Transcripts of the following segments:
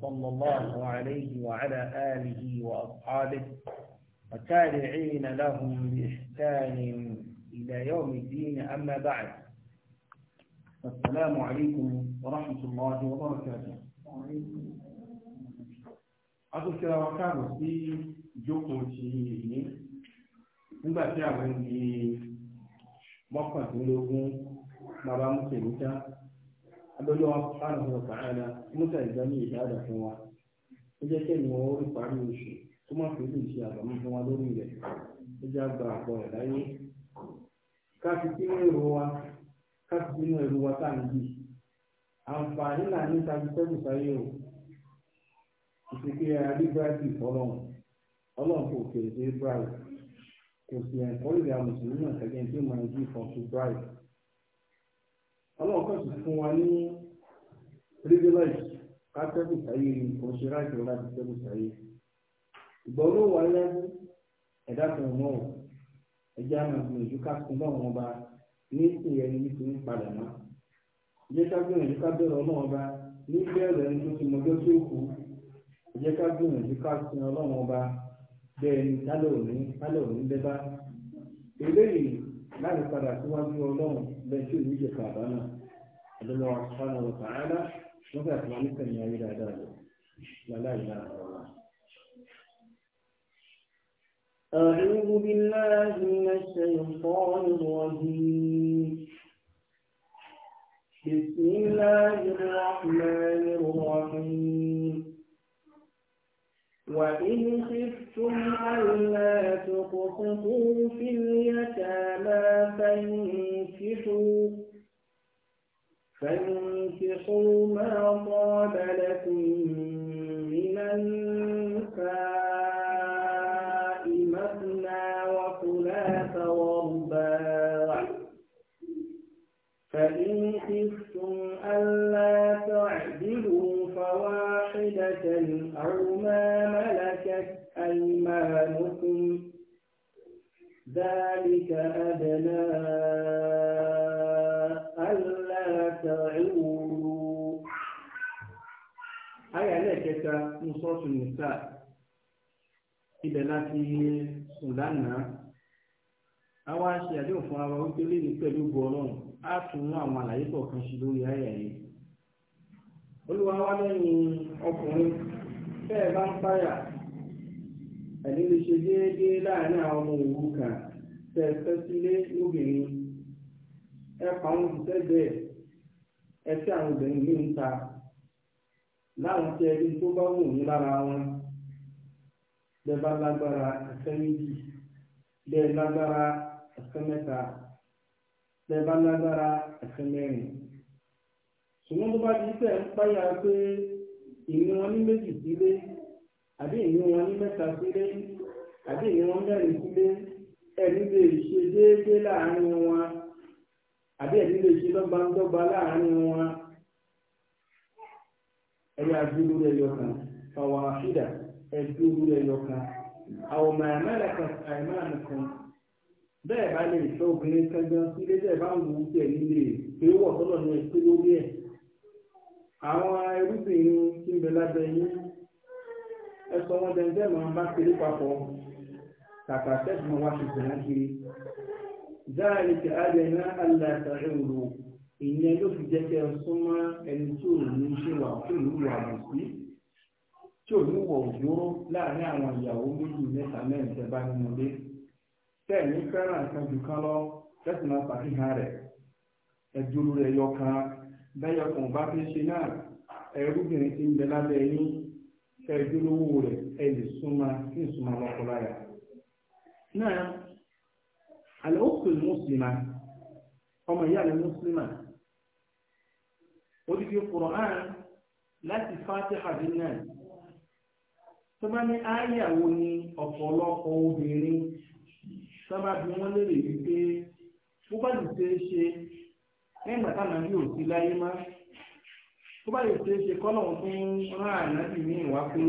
صلى الله عليه وعلى آله وأصحابه وتابعين لهم بإحسان إلى يوم الدين أما بعد السلام عليكم ورحمة الله وبركاته أقول كلا وكابو في jókòó ti yìí nígbà tí àwọn ẹni mọ́kàndínlógún abẹ́lẹ́ wa fara hàn fàáyà mọ́tà ìgbà ní ìdáàdà fún wa ó jẹ́ kí ẹ̀yìn wọn ó parí oṣù tó má fi fún wa lórí rẹ̀ ó jẹ́ àgbà àpọ̀ rẹ̀ láyé o ìsìnkú ẹ̀rọ bíbáìtì fọlọ́run ọlọ́run kò kèrè sí bíbáìtì kò sì ẹ̀kọ́ ìrìn àmùsùn nínú ìtẹ́gẹ́ ọlọ́run kan sì fún wa ní privilege kátẹ́kù sáyé ni kò ṣe ráìtì wọn láti tẹ́kù sáyé ìgbà olówó alẹ́ ẹ̀dá kan mọ́ ọ ẹjẹ́ ọba ní ìyẹn ní nítorí padà mọ́ ẹjẹ́ ká ọba ní ẹni tó ti mọjọ́ tí ó kú ká ọba bẹ́ẹ̀ ni tálẹ̀ òní tálẹ̀ òní láti padà síwájú ọlọ́run bẹ́ẹ̀ tí òní jẹ kàbá náà ọdún wa sọ́nà ọ̀tà áńlá wọ́n fẹ́ àtúwá ní sẹ́yìn ayé dáadáa lọ láláì láàrín ọ̀la. أعوذ بالله من الشيطان الرجيم بسم الله الرحمن الرحيم وإن خفتم ألا تقسطوا في اليتامى فانكحوا فانكحوا ما طاب لكم من النساء مثنى وثلاث ورباع فإن خفتم ألا تعدلوا فواحدة أو يعلمكم ذلك أدنى ألا تعولوا آية لك من النساء ibẹ̀ láti sùn àdéhùn fún ara wípé léyìn pẹ̀lú oge á tún mú àwọn àlàyé kọ̀ọ̀kan ṣe lórí ayẹyẹ yìí olúwa wa lẹ́yìn ọkùnrin bẹ́ẹ̀ bá ń ẹni lè ṣe déédéé láàrin àwọn ọmọ òrukàn tẹ ẹsẹ sílé lóbìnrin ẹ pa àwọn òṣìṣẹ́ bẹ́ẹ̀ ẹ tí àwọn obìnrin yìí ń ta láwọn tí ẹni tó bá wù ní lára wọn bẹ́ẹ̀ bá lágbára ẹsẹ méjì bẹ́ẹ̀ lágbára ẹsẹ mẹ́ta bẹ́ẹ̀ bá lágbára ẹsẹ mẹ́rin ṣùgbọ́n tó bá di pé ń páyà pé ìní wọn ní méjì sílé àbí ìní wọn ní mẹ́ta sílé àbí ìní wọn mẹ́rin sílé ẹni lè ṣe déédéé láàárín wọn àbí ẹni lè ṣe lọ́gbàndọ́gba láàárín wọn ẹ̀yà àdúró rẹ̀ yọkàn fàwọn àfídà ẹ̀dúró rẹ̀ yọkàn àwọn ọmọ ẹ̀mẹ́rẹ̀kọ̀ àìmánìkan bẹ́ẹ̀ bá lè fẹ́ obìnrin kankan sílé bẹ́ẹ̀ bá ń wù ú tẹ̀ nílé pé wọ̀ tọ́lọ̀ ní ẹ̀ pé lórí ẹ̀ àwọn irúgbìn tí ń bẹ lábẹ́ yín ẹsọ wọn dẹ̀ndẹ́ máa bá kiri papọ̀ kàkà sẹ́ẹ̀tì máa wá ṣùgbọ́n náà kiri. dáàlì tí a lè ná àlà tàrí òru ìyẹn ló fi jẹ́ kẹ́ ẹ súnmọ́ ẹni tí ò ní ṣe wà tí ò ní wà lọ sí tí ò ní wọ̀ òjòrò láàrin àwọn ìyàwó méjì mẹ́ta mẹ́rin tẹ́ bá nínú ilé tẹ́ẹ̀ ní fẹ́ràn kan jù kan lọ tẹ́sí máa pàkíhàn rẹ̀ ẹ̀dúró rẹ̀ yọ kan bẹ́yọ̀ kan bá fi ṣe náà ẹrúbìnrin ti ń bẹ lábẹ́ yín kẹrìndínlówó rẹ̀ ẹ lè súnmọ́ kí n súnmọ́ lọ́kọ́ láyà. náà àlẹ́ ó pè mùsùlùmá ọmọ ìyá rẹ̀ mùsùlùmá odidi Qur'an láti Fatiha dín náà tó bá ní ááyàwó ni ọ̀pọ̀lọpọ̀ obìnrin sábà bí wọ́n lérè wípé bó bá lè ṣe é ṣe nígbà táwọn yóò ti láyé máa tó bá lè ṣe é ṣe kọ́nà fún rán ànábì ní ìwà pé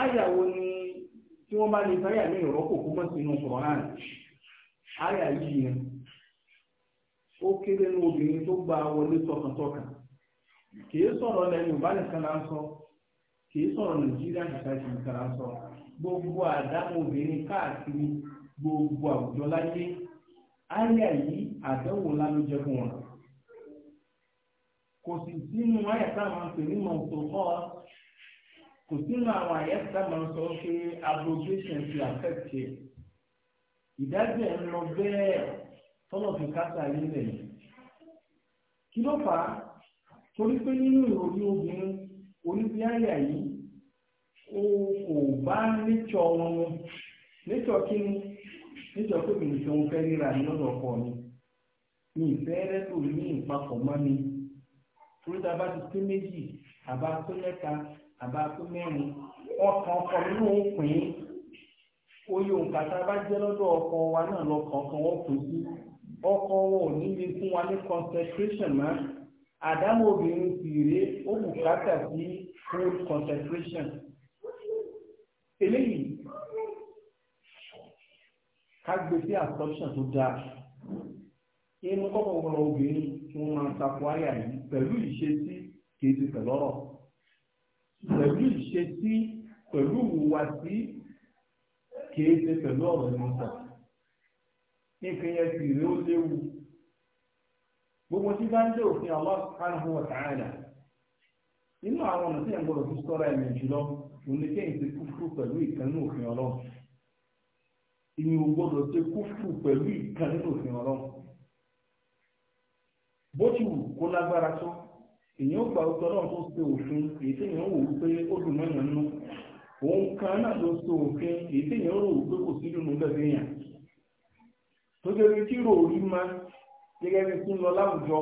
áyàwó ni tí wọ́n bá lè báyà ní ìrọ́pò kó mọ́ sínú Kùránì áyà yìí yẹn ó kéré ní obìnrin tó gba wọlé tọkàntọkàn kì í sọ̀rọ̀ lẹ́yìn ìbánisàn náà sọ kì í sọ̀rọ̀ Nàìjíríà society nìkan náà sọ gbogbo àdámọ̀ obìnrin káàkiri gbogbo àwùjọ láyé áyà yìí àdánwò ńlá ló fún wọn kò sì sínú àyẹ̀ká máa ń pè ní mọ̀tòkọ́ kò sínú àwọn àyẹ̀ká máa ń sọ pé abrogation ti affect ẹ̀ ìdájọ́ ẹ̀ ń lọ bẹ́ẹ̀ tọ́lọ̀ fi kásá yín lẹ̀ kí ló fà á torí pé nínú ìròyìn obìnrin oníbíáyà yìí o kò bá níjọ wọn mu níjọ kíni níjọ pé mi nìkan fẹ́ ríra ní lọ́dọ̀ ọkọ mi mi ìfẹ́ rẹ́tò ní ìpapọ̀ mọ́ mi torí tá a bá ti pín méjì àbá pín mẹ́ta àbá pín mẹ́rin wọ́n kan ọkọ nínú òpin oyè òǹkà tá a bá jẹ́ lọ́dọ̀ ọkọ wa náà lọ́kàn kan wọ́n pín sí ọkọ wọn ò ní lè fún wa ní concentration mọ́ àdámọ́ obìnrin sì rèé ó bùkátà sí full concentration eléyìí ká gbé sí absorption tó dáa inú kọ́kọ́ ọ̀pọ̀lọpọ̀ obìnrin tí wọ́n máa ń takò àyà yìí pẹ̀lú ìṣesí kìí ti pẹ̀lú ọ̀rọ̀ pẹ̀lú ìṣesí pẹ̀lú ìhùwàsí kìí ti pẹ̀lú ọ̀rọ̀ ni wọ́n sọ. nǹkan ó léwu gbogbo tí bá ń dé òfin Allah subhanahu wa nínú àwọn ọ̀nà tí ẹ̀ ń gbọ́dọ̀ fi sọ́ra ẹ̀mí jùlọ òun ni kéyìn ti pẹ̀lú ìkànnì òfin ọlọ́run ìyẹn ò gbọ́dọ̀ ti kúfù pẹ̀lú ìkànnì òfin ọlọ́run bó ti wù kó lágbára tó èèyàn gbà ó tọ́lọ́ tó ṣe òfin èyí tí èèyàn wò ó pé ó dùn mọ́yàn nú òun kan náà ló ṣe òfin èyí tí èèyàn rò ó pé kò sí dùnú bẹ́ẹ̀ yàn tó jẹ́ pé kíró orí máa gẹ́gẹ́ bí kí ń lọ láwùjọ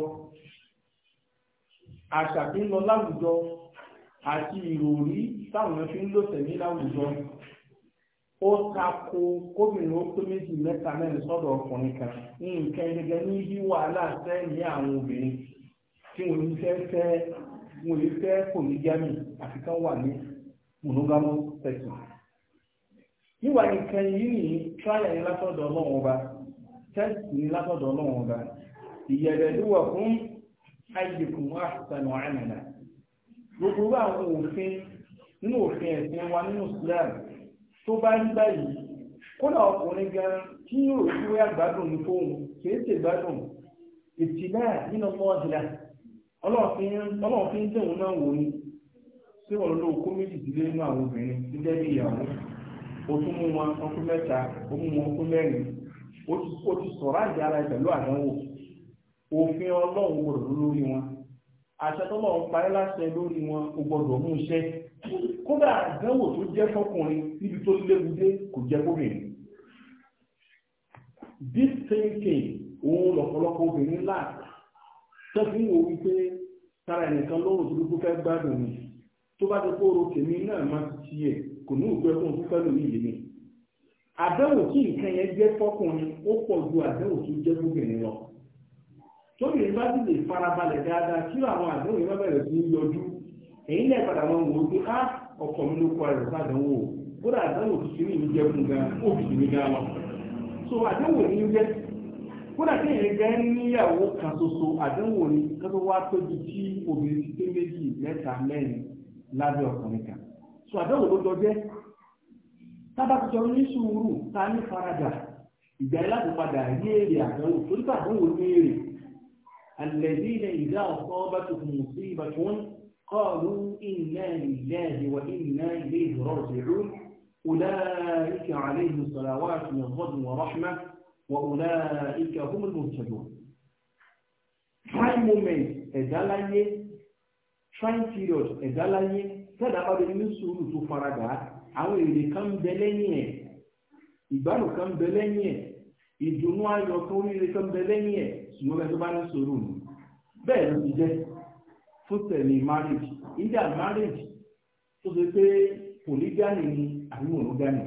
àṣà tí ń lọ láwùjọ àti ìròrí táwọn fi ń lò tẹ̀lé láwùjọ o ta gómìnà ó méjì mẹ́ta mẹ́rin sọ́dọ̀ ọkùnrin kan nǹkan gẹ́gẹ́ ní bí wàhálà àwọn obìnrin tí ní fẹ́ fẹ́ àti kan wà ní monogamous person. níwà nǹkan yìí ní tíráyà ní látọ̀dọ̀ ọlọ́run ọba tẹ́sì ní ọba ló wà fún gbogbo àwọn òfin nínú òfin ẹ̀sìn wa nínú tó bá rí báyìí kódà ọkùnrin gan tí yóò tó yá gbádùn ní fóun kìí ṣe gbádùn ìtìlá nínú ọmọ ọdìlá ọlọ́run fi ń dẹ̀wọ̀n náà wò ni tí lọ kó àwọn obìnrin ìyàwó tún mú wọn ọkùn mẹ́ta mú wọn ọkùn mẹ́rin ti sọ̀rọ̀ ara ìpẹ̀lú àdánwò kódà àdánwò tó jẹ́ fọkùnrin níbi tó léwu dé kò jẹ́ fóbìnrin this thinking òun lọ̀pọ̀lọpọ̀ obìnrin láàkà tẹ́fún wo wípé tara ẹnìkan lọ́rùn tó dúdú fẹ́ gbádùn mi tó bá ti kó oro tèmi náà má ti ti yẹ kò ní òkú ẹkùn tó fẹ́ lómi yìí ni àdánwò tí nǹkan yẹn jẹ́ fọkùnrin ó pọ̀ ju àdánwò tó jẹ́ fóbìnrin lọ torí ìgbà tí lè farabalẹ̀ dáadáa kí àwọn àdánwò yẹn bá bẹ̀rẹ̀ sí yọjú èyí lẹ́ẹ̀padà wọn wò ó pé á ah, ọkọ̀ mi ló kọ ẹ̀rọ sádánwò ó dà àdánwò tó ṣe ní ìlú jẹ́ fún gan ó fi mi gan lọ so àdánwò ní jẹ́ kódà kí èèyàn gan níyàwó kan ṣoṣo àdánwò ní kan tó wá tóbi tí obìnrin ti pé méjì mẹ́ta mẹ́rin lábẹ́ ọkùnrin kan so àdánwò ló dọjẹ́ tábàtútọ́ ní sùúrù ta ní faradà ìgbà yìí láti padà rí èrè àdánwò torí pàdánwò ní èrè alẹ́dínlẹ̀ ìdá ọ̀sán bá tó fún mùsùlùmí قالوا إنا لله وإنا إليه راجعون أولئك عليهم صلوات من فضل ورحمة وأولئك هم المهتدون Try moment ẹ̀dá láyé, try period ẹ̀dá láyé, tẹ́lá bá bẹ̀rẹ̀ ní sùúrù tó faradà, àwọn èrè kan ń bẹ lẹ́yìn ẹ̀, ìgbádùn kan ń bẹ lẹ́yìn ẹ̀, ìdùnnú ayọ̀ kan ń bẹ lẹ́yìn ẹ̀, ṣùgbọ́n bẹ́ẹ̀ tó bá ní sùúrù nù. Bẹ́ẹ̀ ló ti jẹ́ tó tẹ̀lé marriage Indian marriage tó ṣe pé polygamy ni àbí monogamy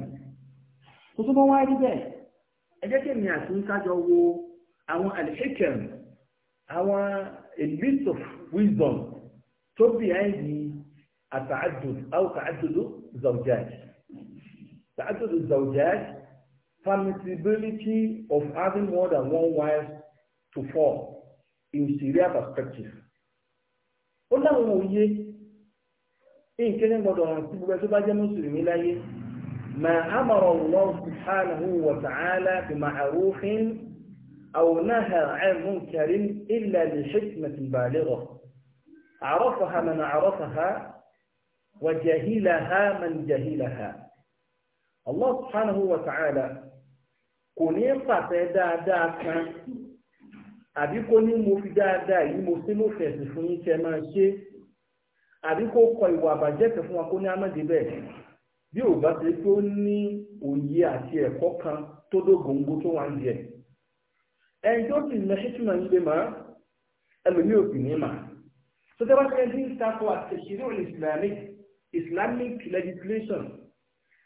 kò tó bá wáyé níbẹ̀ ẹ jẹ́ kí èmi àti ń kájọ wo àwọn alhikem àwọn a bit of wisdom tó bí ẹ́ di àtàdùn àwọn tàdùn zawjaj tàdùn zawjaj permissibility of having more than one wife to fall in Syria perspective. ó láwọn òye nǹkan gbọdọ̀ hàn sí gbogbo ẹ tó bá jẹ́ mùsùlùmí láyé ما أمر الله سبحانه وتعالى بمعروف أو نهى عن منكر إلا لحكمة بالغة عرفها من عرفها وجهلها من جهلها الله سبحانه وتعالى kò ní pàṣẹ dáadáa kan àbí kó ní mo fi dáadáa yìí mo sínú fẹ̀sìn fún yín kẹ́ máa ṣe àbí kó kọ ìwà àbàjẹ́ kan fún wa kó ní amáde bẹ́ẹ̀ bí ò bá ṣe tó ní òye àti ẹ̀kọ́ kan tó dógóńgó tó wà ń jẹ ẹni tó sì mẹ ṣíṣúná ń gbé máa ẹlòmí ò ní mà tó tẹ́ bá ṣe ní ìtakò àtẹ̀ṣírí òní islamic islamic legislation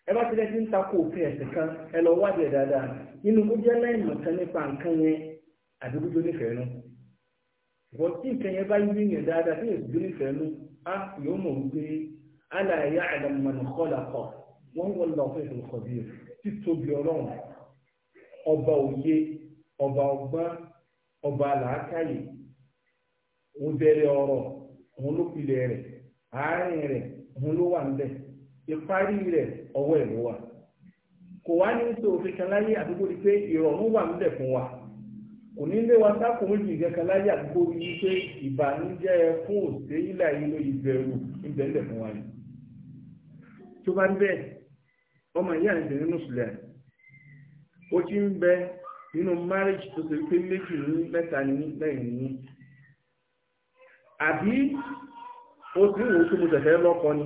ẹ bá ṣe ní ìtakò òfin ẹ̀sìn kan ẹ lọ wádìí ẹ̀ dáadáa nínú kó jẹ́ láìmọ̀kan nípa nǹkan yẹn àbí kó jó nífẹ̀ẹ́ nù bọ́ tí nǹkan yẹn bá yí yẹn dáadáa tí yẹn sì jó nífẹ̀ẹ́ nù á yóò mọ̀ wípé ala ya'lamu man khalaqa wa huwa al-latiful khabir títóbi ọlọ́run ọba òye ọba ọgbọ́n ọba làákàyè òun bẹ̀rẹ̀ ọ̀rọ̀ òun ló pilẹ̀ rẹ̀ àárín rẹ̀ òun ló wà níbẹ̀ ìparí rẹ̀ ọwọ́ ẹ̀ ló kò wá ní sọ òfin kan láyé àdúgbò rí pé ìrọ̀rùn wà níbẹ̀ fún wa kò ní lé wa sáàkó méjì ìgẹ́kan láyé àkókò yìí pé ìbànújẹ́ fún òṣèré ilà yìí ló ìbẹ̀rù ìbẹ̀lẹ̀ fún wa ni tó bá ń bẹ́ẹ̀ ọmọ ìyá ìbẹ̀ nínú sùlẹ̀ ó ti ń bẹ nínú marriage tó ṣe pé méjì ní mẹ́ta ní lẹ́yìn ní àbí ó ti ń wò ó tó mo tẹ̀fẹ́ lọ́kọ ni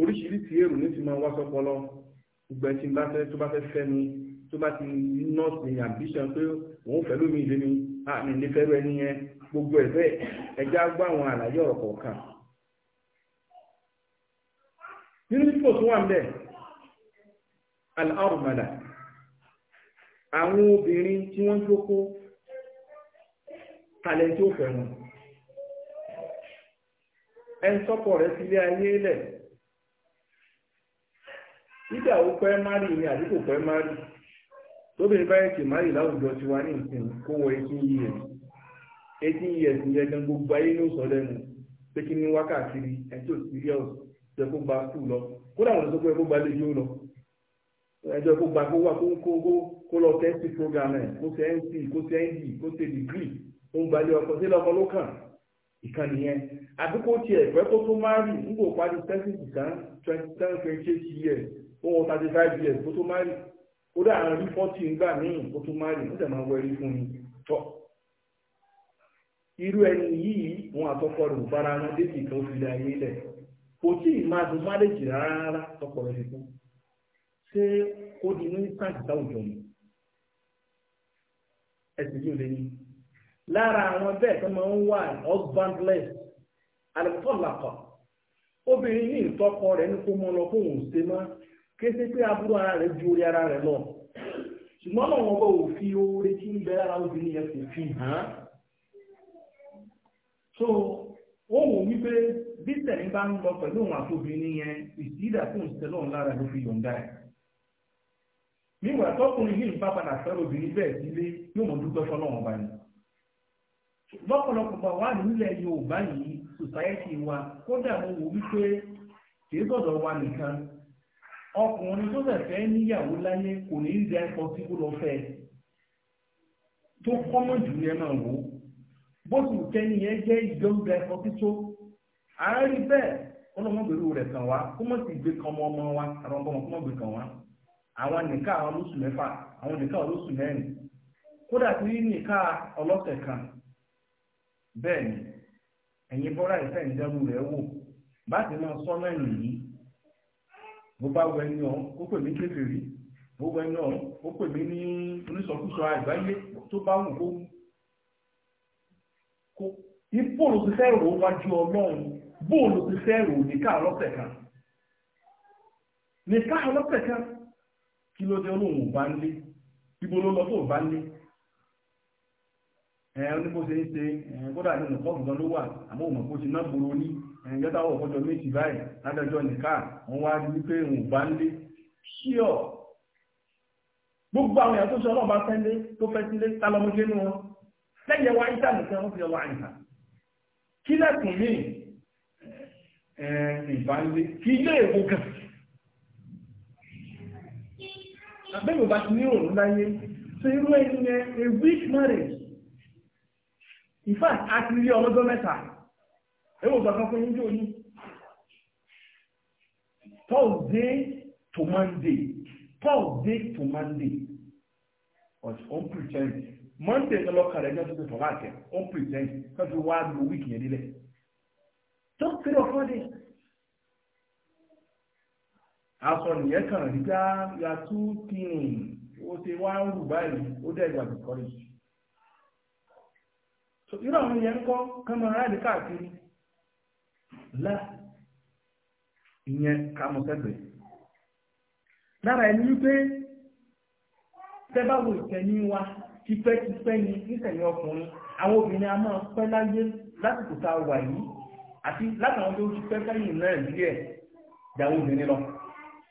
oríṣiríṣi èrò ní ti máa wá sọ́pọlọ gbogbo ẹtí tó bá fẹ́ fẹ́ mi tó bá ti nọ́ọ̀sì ambition pé òun fẹ́ lómi ìlémi àmì ìlẹ́fẹ́rẹ́ ẹni yẹn gbogbo ẹ̀ bẹ́ẹ̀ ẹja gbọ́ àwọn àlàyé ọ̀rọ̀ kọ̀ọ̀kan. nínú tí kò wà níbẹ̀ aláàrùmọ̀dà àwọn obìnrin tí wọ́n jókòó talẹ̀ tí ó fẹ́ wọn ẹn sọ́pọ̀ rẹ̀ sílé ayé lẹ̀ ó ni tóbìnrin bá yẹ̀kì máa yìí láwùjọ ti wá ní ìsìn kó wọ 18 years 18 years ní ẹgbẹ́ gbogbo ayé ló sọ lẹ́nu pé kí ní wákàtí ẹjọ́ serious jẹ́ kó gba school lọ kódà wọn sọ pé kó gba lè yóò lọ ẹjọ́ kó gba kó wà kó kó kó lọ tẹ́sí program ẹ̀ kó ṣe nc kó ṣe nd kó ṣe degree ó ń gbalẹ̀ ọkọ sílẹ̀ ọkọ ló kàn ìkan nìyẹn àbí kó tiẹ̀ pẹ́ kó tó máa rí nígbò parí tẹ́sí ìkan twenty seven years ó years kó tó máa rí ó dá àwọn rí fọ́tì ńgbà míì ó máa rí ó dẹ̀ máa wẹ̀rí fún mi tọ́ irú ẹni yìí wọn àtọkọ rẹ̀ bára wọn débi kan fi lé ayé lẹ̀ kò tí ì máa dùn máréjì rárá tọkọ rẹ̀ ṣé di ní táwùjọ mi ẹsẹ̀ yóò lé ní kése pé aburú ara rẹ̀ ju orí ara rẹ̀ lọ ṣùgbọ́n náà wọn bá òfin oore tí ń bẹ ara obìnrin yẹn kò fi hàn án so wọ́n wò wípé bí tẹ̀lé bá ń lọ pẹ̀lú òun àtòbìnrin yẹn ìsídà tó ń tẹ́lọ̀ lára ló fi yọ̀ǹda ẹ̀ níwọ̀n àtọ́kùnrin yìí ń bá padà fẹ́ràn obìnrin bẹ́ẹ̀ sílé yóò mọ̀ dúpẹ́ bá lọ́pọ̀lọpọ̀ wà ọkùnrin tó fẹ̀fẹ́ níyàwó láyé kò ní ìdí ẹ̀kọ́ tí kó lọ fẹ́ tó kọ́mọ̀ jù yẹn náà wò bó sì kẹ́ni yẹn jẹ́ ìjọba ẹ̀kọ́ tí tó àárí bẹ́ẹ̀ ọlọ́mọbìnrin rẹ̀ kàn wá kó mọ̀ sí gbé kan ọmọ wa àwọn ọmọ kó mọ̀ gbé kan wá àwọn nìka àwọn olóṣù mẹ́fà àwọn nìka olóṣù mẹ́rin kódà tí rí nìka ọlọ́sẹ̀ kan bẹ́ẹ̀ ni ẹ̀yin bọ́ra ìfẹ́ ìdẹ́rù rẹ̀ wò bá ti máa sọ náà nìyí mo bá wẹ ní ọ̀hún ó pè mí kékeré mo wẹ ní ọ̀hún ó pè mí ní onísọkúsọ àìbáyé tó bá wù kó kó ìbòòlù ti fẹ́ wájú ọlọ́run ti fẹ́ rò nìka ọlọ́sẹ̀ kan nìka ọlọ́sẹ̀ kan kí ló dé olóhùn bá ń lé ibo ló lọ tó bá ń yọ́tàwọ̀ fọ́jọ́ méjì báyìí ládájọ́ nìka wọ́n wá ní pé òun bá ń lé ṣíọ̀ gbogbo àwọn èèyàn tó ṣe ọlọ́ọ̀bá fẹ́lé tó fẹ́ sílé tálọ́mọ́gé ní wọn lẹ́yìn wa ìta nìkan wọ́n fi ọwọ́ àyíká kí lẹ́kùn mí ìbánilé kí ilé èkó kan àbẹ́yìn bá ti ní òun láyé tó irú ẹni yẹn a weak marriage in fact a ti rí ọlọ́jọ́ mẹ́ta ẹwọ gbàgbọ́ fún yín jò ní to mande thursday to monday ọ̀sẹ̀ ó ń pretend monday ní ọlọ́kà rẹ̀ ní ọdún tó tọ̀ ya ó ń pretend ya wọ́n wá lu week yẹn nílẹ̀ just three or four days aṣọ nìyẹn kàn rí ọhụrụ ya nkọ lá ìyẹn kàmùsẹ́gbẹ̀ lára ẹni wípé tẹ́báwò ìtẹ̀ní wa tipẹ́tipẹ́ ni nítẹ̀yìn ọkùnrin àwọn obìnrin a máa pẹ́ láyé lásìkò tá a wà yìí àti látàwọn tó ti pẹ́ sẹ́yìn náà nílé ẹ̀ dàwọn obìnrin lọ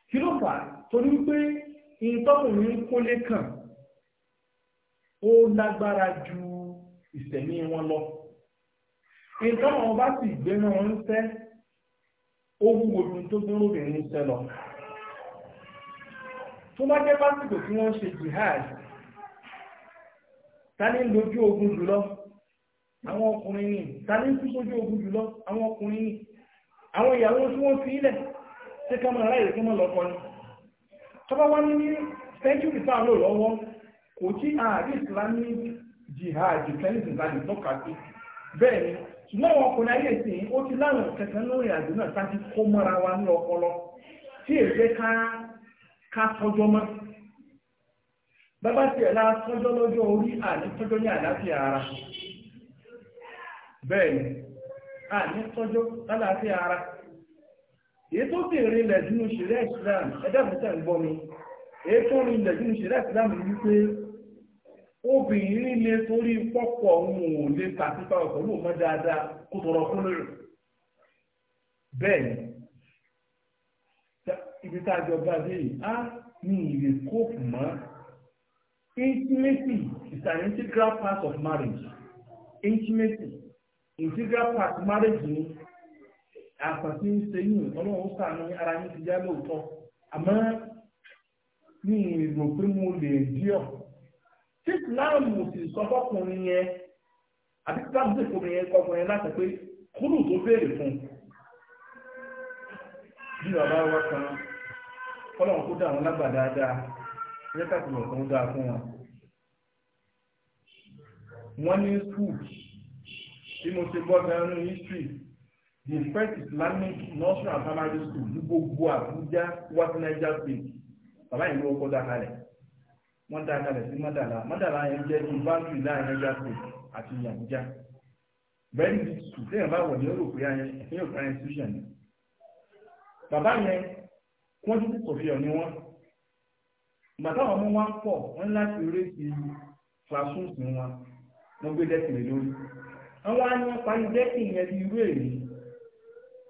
kí ló fà torí wípé ìtọ́kùnrin kólé kàn ó lágbára ju ìsẹ̀mí wọn lọ nǹkan àwọn bá sì gbé náà ń fẹ́ ó wúwo ju tó gbé lóbìnrin ń fẹ́ lọ tó bá jẹ́ pásítọ̀ tí wọ́n ṣe jihad ta ní lójú ogun jùlọ àwọn ọkùnrin ni ta ní kú sójú ogun jùlọ àwọn ọkùnrin ni àwọn ìyàwó tí wọ́n fi ilẹ̀ tí ká máa ráyè kí wọ́n lọ kọ́ ni tó bá wá ní ní century tá lò lọ́wọ́ kò tí ààrí islamic jihad kẹ́lìsì tá lè tọ́ka sí bẹ́ẹ̀ ni ṣùgbọ́n àwọn ọkùnrin ayé ìsìn ó ti láwọn kẹ̀kẹ́ lórí àjò náà tá ti kó mọ́ra wa ní ọpọlọ tí ká ká mọ́ bàbá tiẹ̀ la tọjọ́ lọ́jọ́ orí àní tọjọ́ ní àdáfíà ara bẹ́ẹ̀ ni àní tọjọ́ ara èyí tó bèèrè ilẹ̀ ń gbọ́ mi obìnrin lè torí pọ́pọ̀ òun ò lè ta títà ọ̀pọ̀ ló mọ́ dáadáa kó tọrọ fún bẹ́ẹ̀ ni ibi tá a jọ bá dé yìí á intimacy is an integral part of marriage intimacy integral part marriage ni àpàtì ń ṣe yìí ọlọ́run sàánú ara yín ti já lóòótọ́ àmọ́ ní ìrò pé mo lè dí tí ìsìláàmù sì sọ fọkùnrin yẹn àti ìsìláàmù sì fọkùnrin yẹn kọkùnrin yẹn láti pé kúrú tó béèrè fún bí bàbá wa kan fọlọ́run kó dá àwọn lágbà dáadáa ẹ̀jẹ̀ káàkiri ọ̀kan ó dáa fún wọn. wọ́n ní skul tí mo ti gbọ́ gan ní history the first islamic nursery and primary school ní gbogbo Àbújá west niger state bàbá yìí ló kọ́ dá kalẹ̀ wọ́n dá kalẹ̀ sí mọ́dàlá mọ́dàlá yẹn jẹ́ bí báńkì láàrin ẹja kù àti Àbújá bẹ́ẹ̀ni sùn tí èèyàn bá wọ̀ ní Europe yá yẹn ẹ̀yìn òkúra institution ni bàbá yẹn wọ́n tún kò fi ọ̀ní wọn ìgbà táwọn ọmọ wọn pọ̀ wọ́n láti eré sí classrooms wọn wọ́n gbé dẹ́kìn lé lórí àwọn àyàn parí dẹ́kìn yẹn bí irú èyí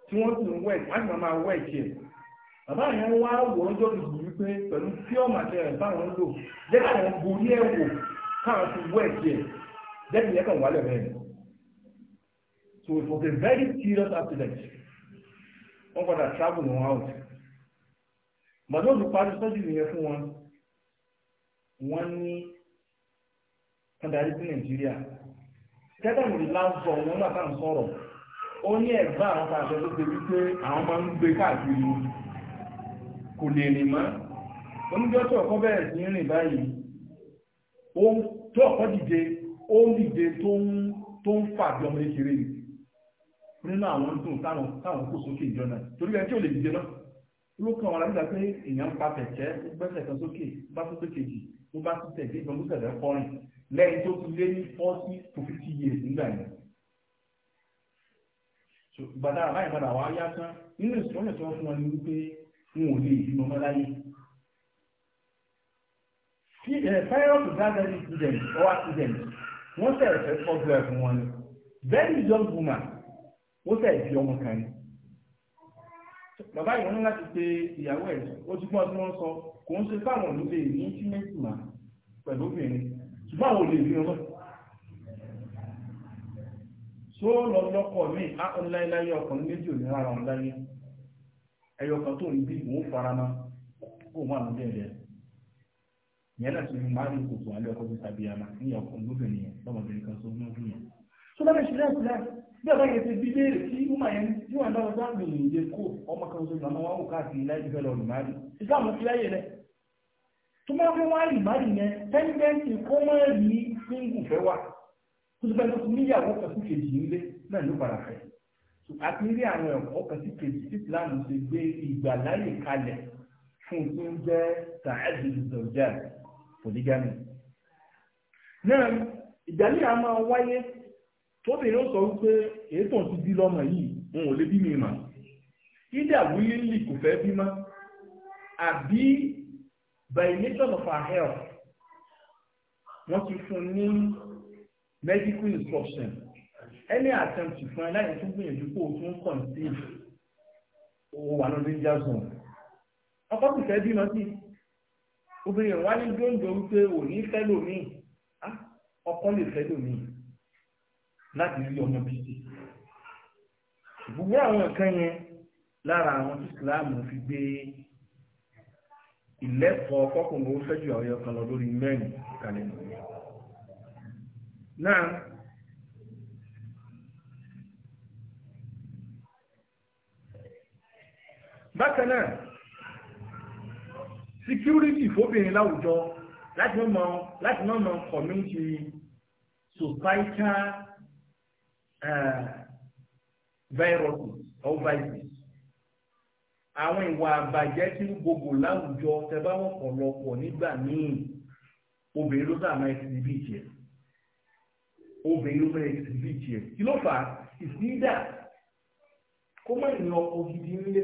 tí wọ́n sì ń wẹ̀ wọ́n sì máa wẹ̀ kí ẹ̀ bàbá yẹn wá wọ́n jọ lùgbù wípé pẹ̀lú pure material táwọn ń lò jẹ́ káwọn borí ẹ̀ wò káwọn ti wọ́ ẹ̀ díẹ̀ yẹn kàn wálẹ̀ bẹ́ẹ̀ so it was a very serious accident wọ́n padà travel wọn out those who parí sọ́jú yẹn fún wọn wọ́n ní kọ́ńdàrí sí nàìjíríà kẹ́tàmù ní láǹfọ̀ wọn náà kàn sọ̀rọ̀ ó ní ẹ̀gbọ́n àwọn kan àṣẹ tó ṣe wípé àwọn máa ń gbé káàkiri kò lè rìn mọ́ oníjọ́ tó ọkọ́ bẹ̀rẹ̀ sí rìn báyìí ohun tó ọkọ́ dìde ó ń dìde tó ń fà bí ọmọ kékeré nínú àwọn dùn táwọn kò sókè ìjọ náà torí ẹni tí ò lè dìde náà ló kàn wọn lágbàgbà pé èèyàn ń pa tẹ̀tẹ́ ó gbẹ́sẹ̀ kan sókè bá tó kéjì ó bá tó tẹ̀lé ìgbọ̀n tó tẹ̀lé kọrin lẹ́yìn tó ti lé ní forty to fifty years nígbà yẹn gbàdára báyìí padà wá yá tán nínú ìsọ́nà tí wọ́n fún wọn ni wípé n ò lè bímọ mọ́ láyé. prior to that or accident wọ́n sẹ̀ fẹ́ fọ́jú ẹ̀ wọn ni very young woman wọ́n sẹ̀ di ọmọ kan ni. bàbá ìwọ́n ní láti pe ìyàwó ẹ̀ ó tí wọ́n sọ kò ń ṣe fáwọn òní ní tímẹ́tì mà pẹ̀lú obìnrin ṣùgbọ́n àwọn olè bí wọn tó lọ lọ́kọ̀ mi á ń láyé láyé ọkùnrin méjì ò ní rárá ọ̀n láyé ẹyọ kan tó ń bí ìwọ̀n farama kó má lọ bẹ̀rẹ̀ yẹn náà ti fi máa ń lò kòtò alẹ́ ọkọ̀ tó tàbí ama níyàwó lóbìnrin yẹn lọ́mọbìnrin kan tó ń lọ́dún yẹn. tó bá lè ṣe láti láti bí ọba yẹn ti bí léèrè tí wúmà yẹn tí wọn bá wọn lò ní ilé kó ọmọ kan tó lọ́mọ wọn kò káàkiri láì fẹ́ lọ rìmárì ìsìláàmù fi láyè rẹ̀ tó bá fẹ́ wá rìmárì yẹn tẹ́ńtẹ́ǹtì kó mọ́ rí síngù fẹ́ wà tó bá yẹn tó àti rí àwọn ẹ̀kọ́ kan sí kejì tí Islam ṣe gbé ìgbàláyè kalẹ̀ fún tí ń jẹ́ sàájì ìzọ̀jà polygamy. náà ìdálẹ́ a máa wáyé tóbìnrin ó sọ wípé èyí tó ń ti bí lọ́mọ yìí òun ò lè bí mi mà ìdá wílé lì kò fẹ́ bí mọ́ àbí violation of our health wọ́n ti fún ní medical instruction ẹni àtẹ̀ǹtì fún ẹ láyé tún gbìyànjú kó o tún kàn sí owó wà lórí ìjà zone ọkọ kò fẹ́ bímọ sí obìnrin wa ní dóńdó wípé òní fẹ́ lómi ọkọ lè fẹ́ lómi láti rí ọmọ bíbí gbogbo àwọn nǹkan yẹn lára àwọn tí ìsìláàmù fi gbé ìlẹ́kọ̀ọ́ kọkùnrin ó fẹ́ ju àwọn ẹ̀yọkan lọ lórí mẹ́rin kalẹ̀ náà. bákan náà security fóbìnrin láwùjọ láti mọ̀ láti mọ̀ mọ̀ community societal uh, viruses or vices àwọn ìwà àbàjẹ́ tí ń gbogbo láwùjọ tẹ́bá wọn kàn lọ́pọ̀ nígbà míì obìnrin ló sáà máa ti bí ìjẹ́ obìnrin ló máa ti bí ìjẹ́ kí ló fà á ìsídà kó má ní ọkọ gidi nílé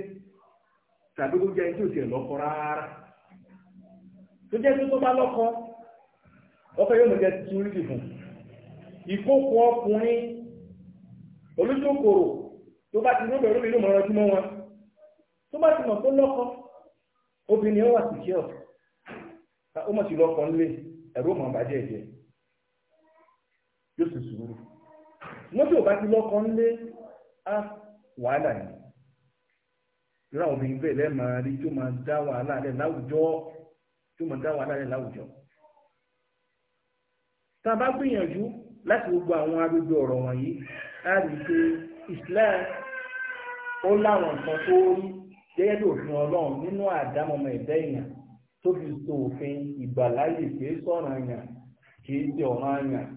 tàbí kó jẹ́ ẹni tí ò rárá tó jẹ́ tó bá lọ́kọ́ ọkọ̀ yóò mọ̀ jẹ́ túrídì fún ìkókò ọkùnrin olójókòrò tó bá ti ní ọ̀bẹ̀rún mọ́ wọn tó bá ti mọ̀ tó lọ́kọ obìnrin ọ̀ ẹ̀rọ irú àwọn obìnrin bẹ́ẹ̀ lẹ́ẹ̀máa rí tó máa dá wàhálà rẹ̀ láwùjọ tó máa dá wàhálà rẹ̀ láwùjọ. tá a bá gbìyànjú láti gbogbo àwọn agbègbè ọ̀rọ̀ wọ̀nyí á rí i pé Islam ó láwọn nǹkan tó rí gẹ́gẹ́ bí òfin Ọlọ́run nínú àdámọ́mọ́ ẹ̀dẹ́ èèyàn tó fi so òfin ìgbàláyè kìí sọ̀rọ̀ àyàn kìí ṣe ọ̀ràn àyàn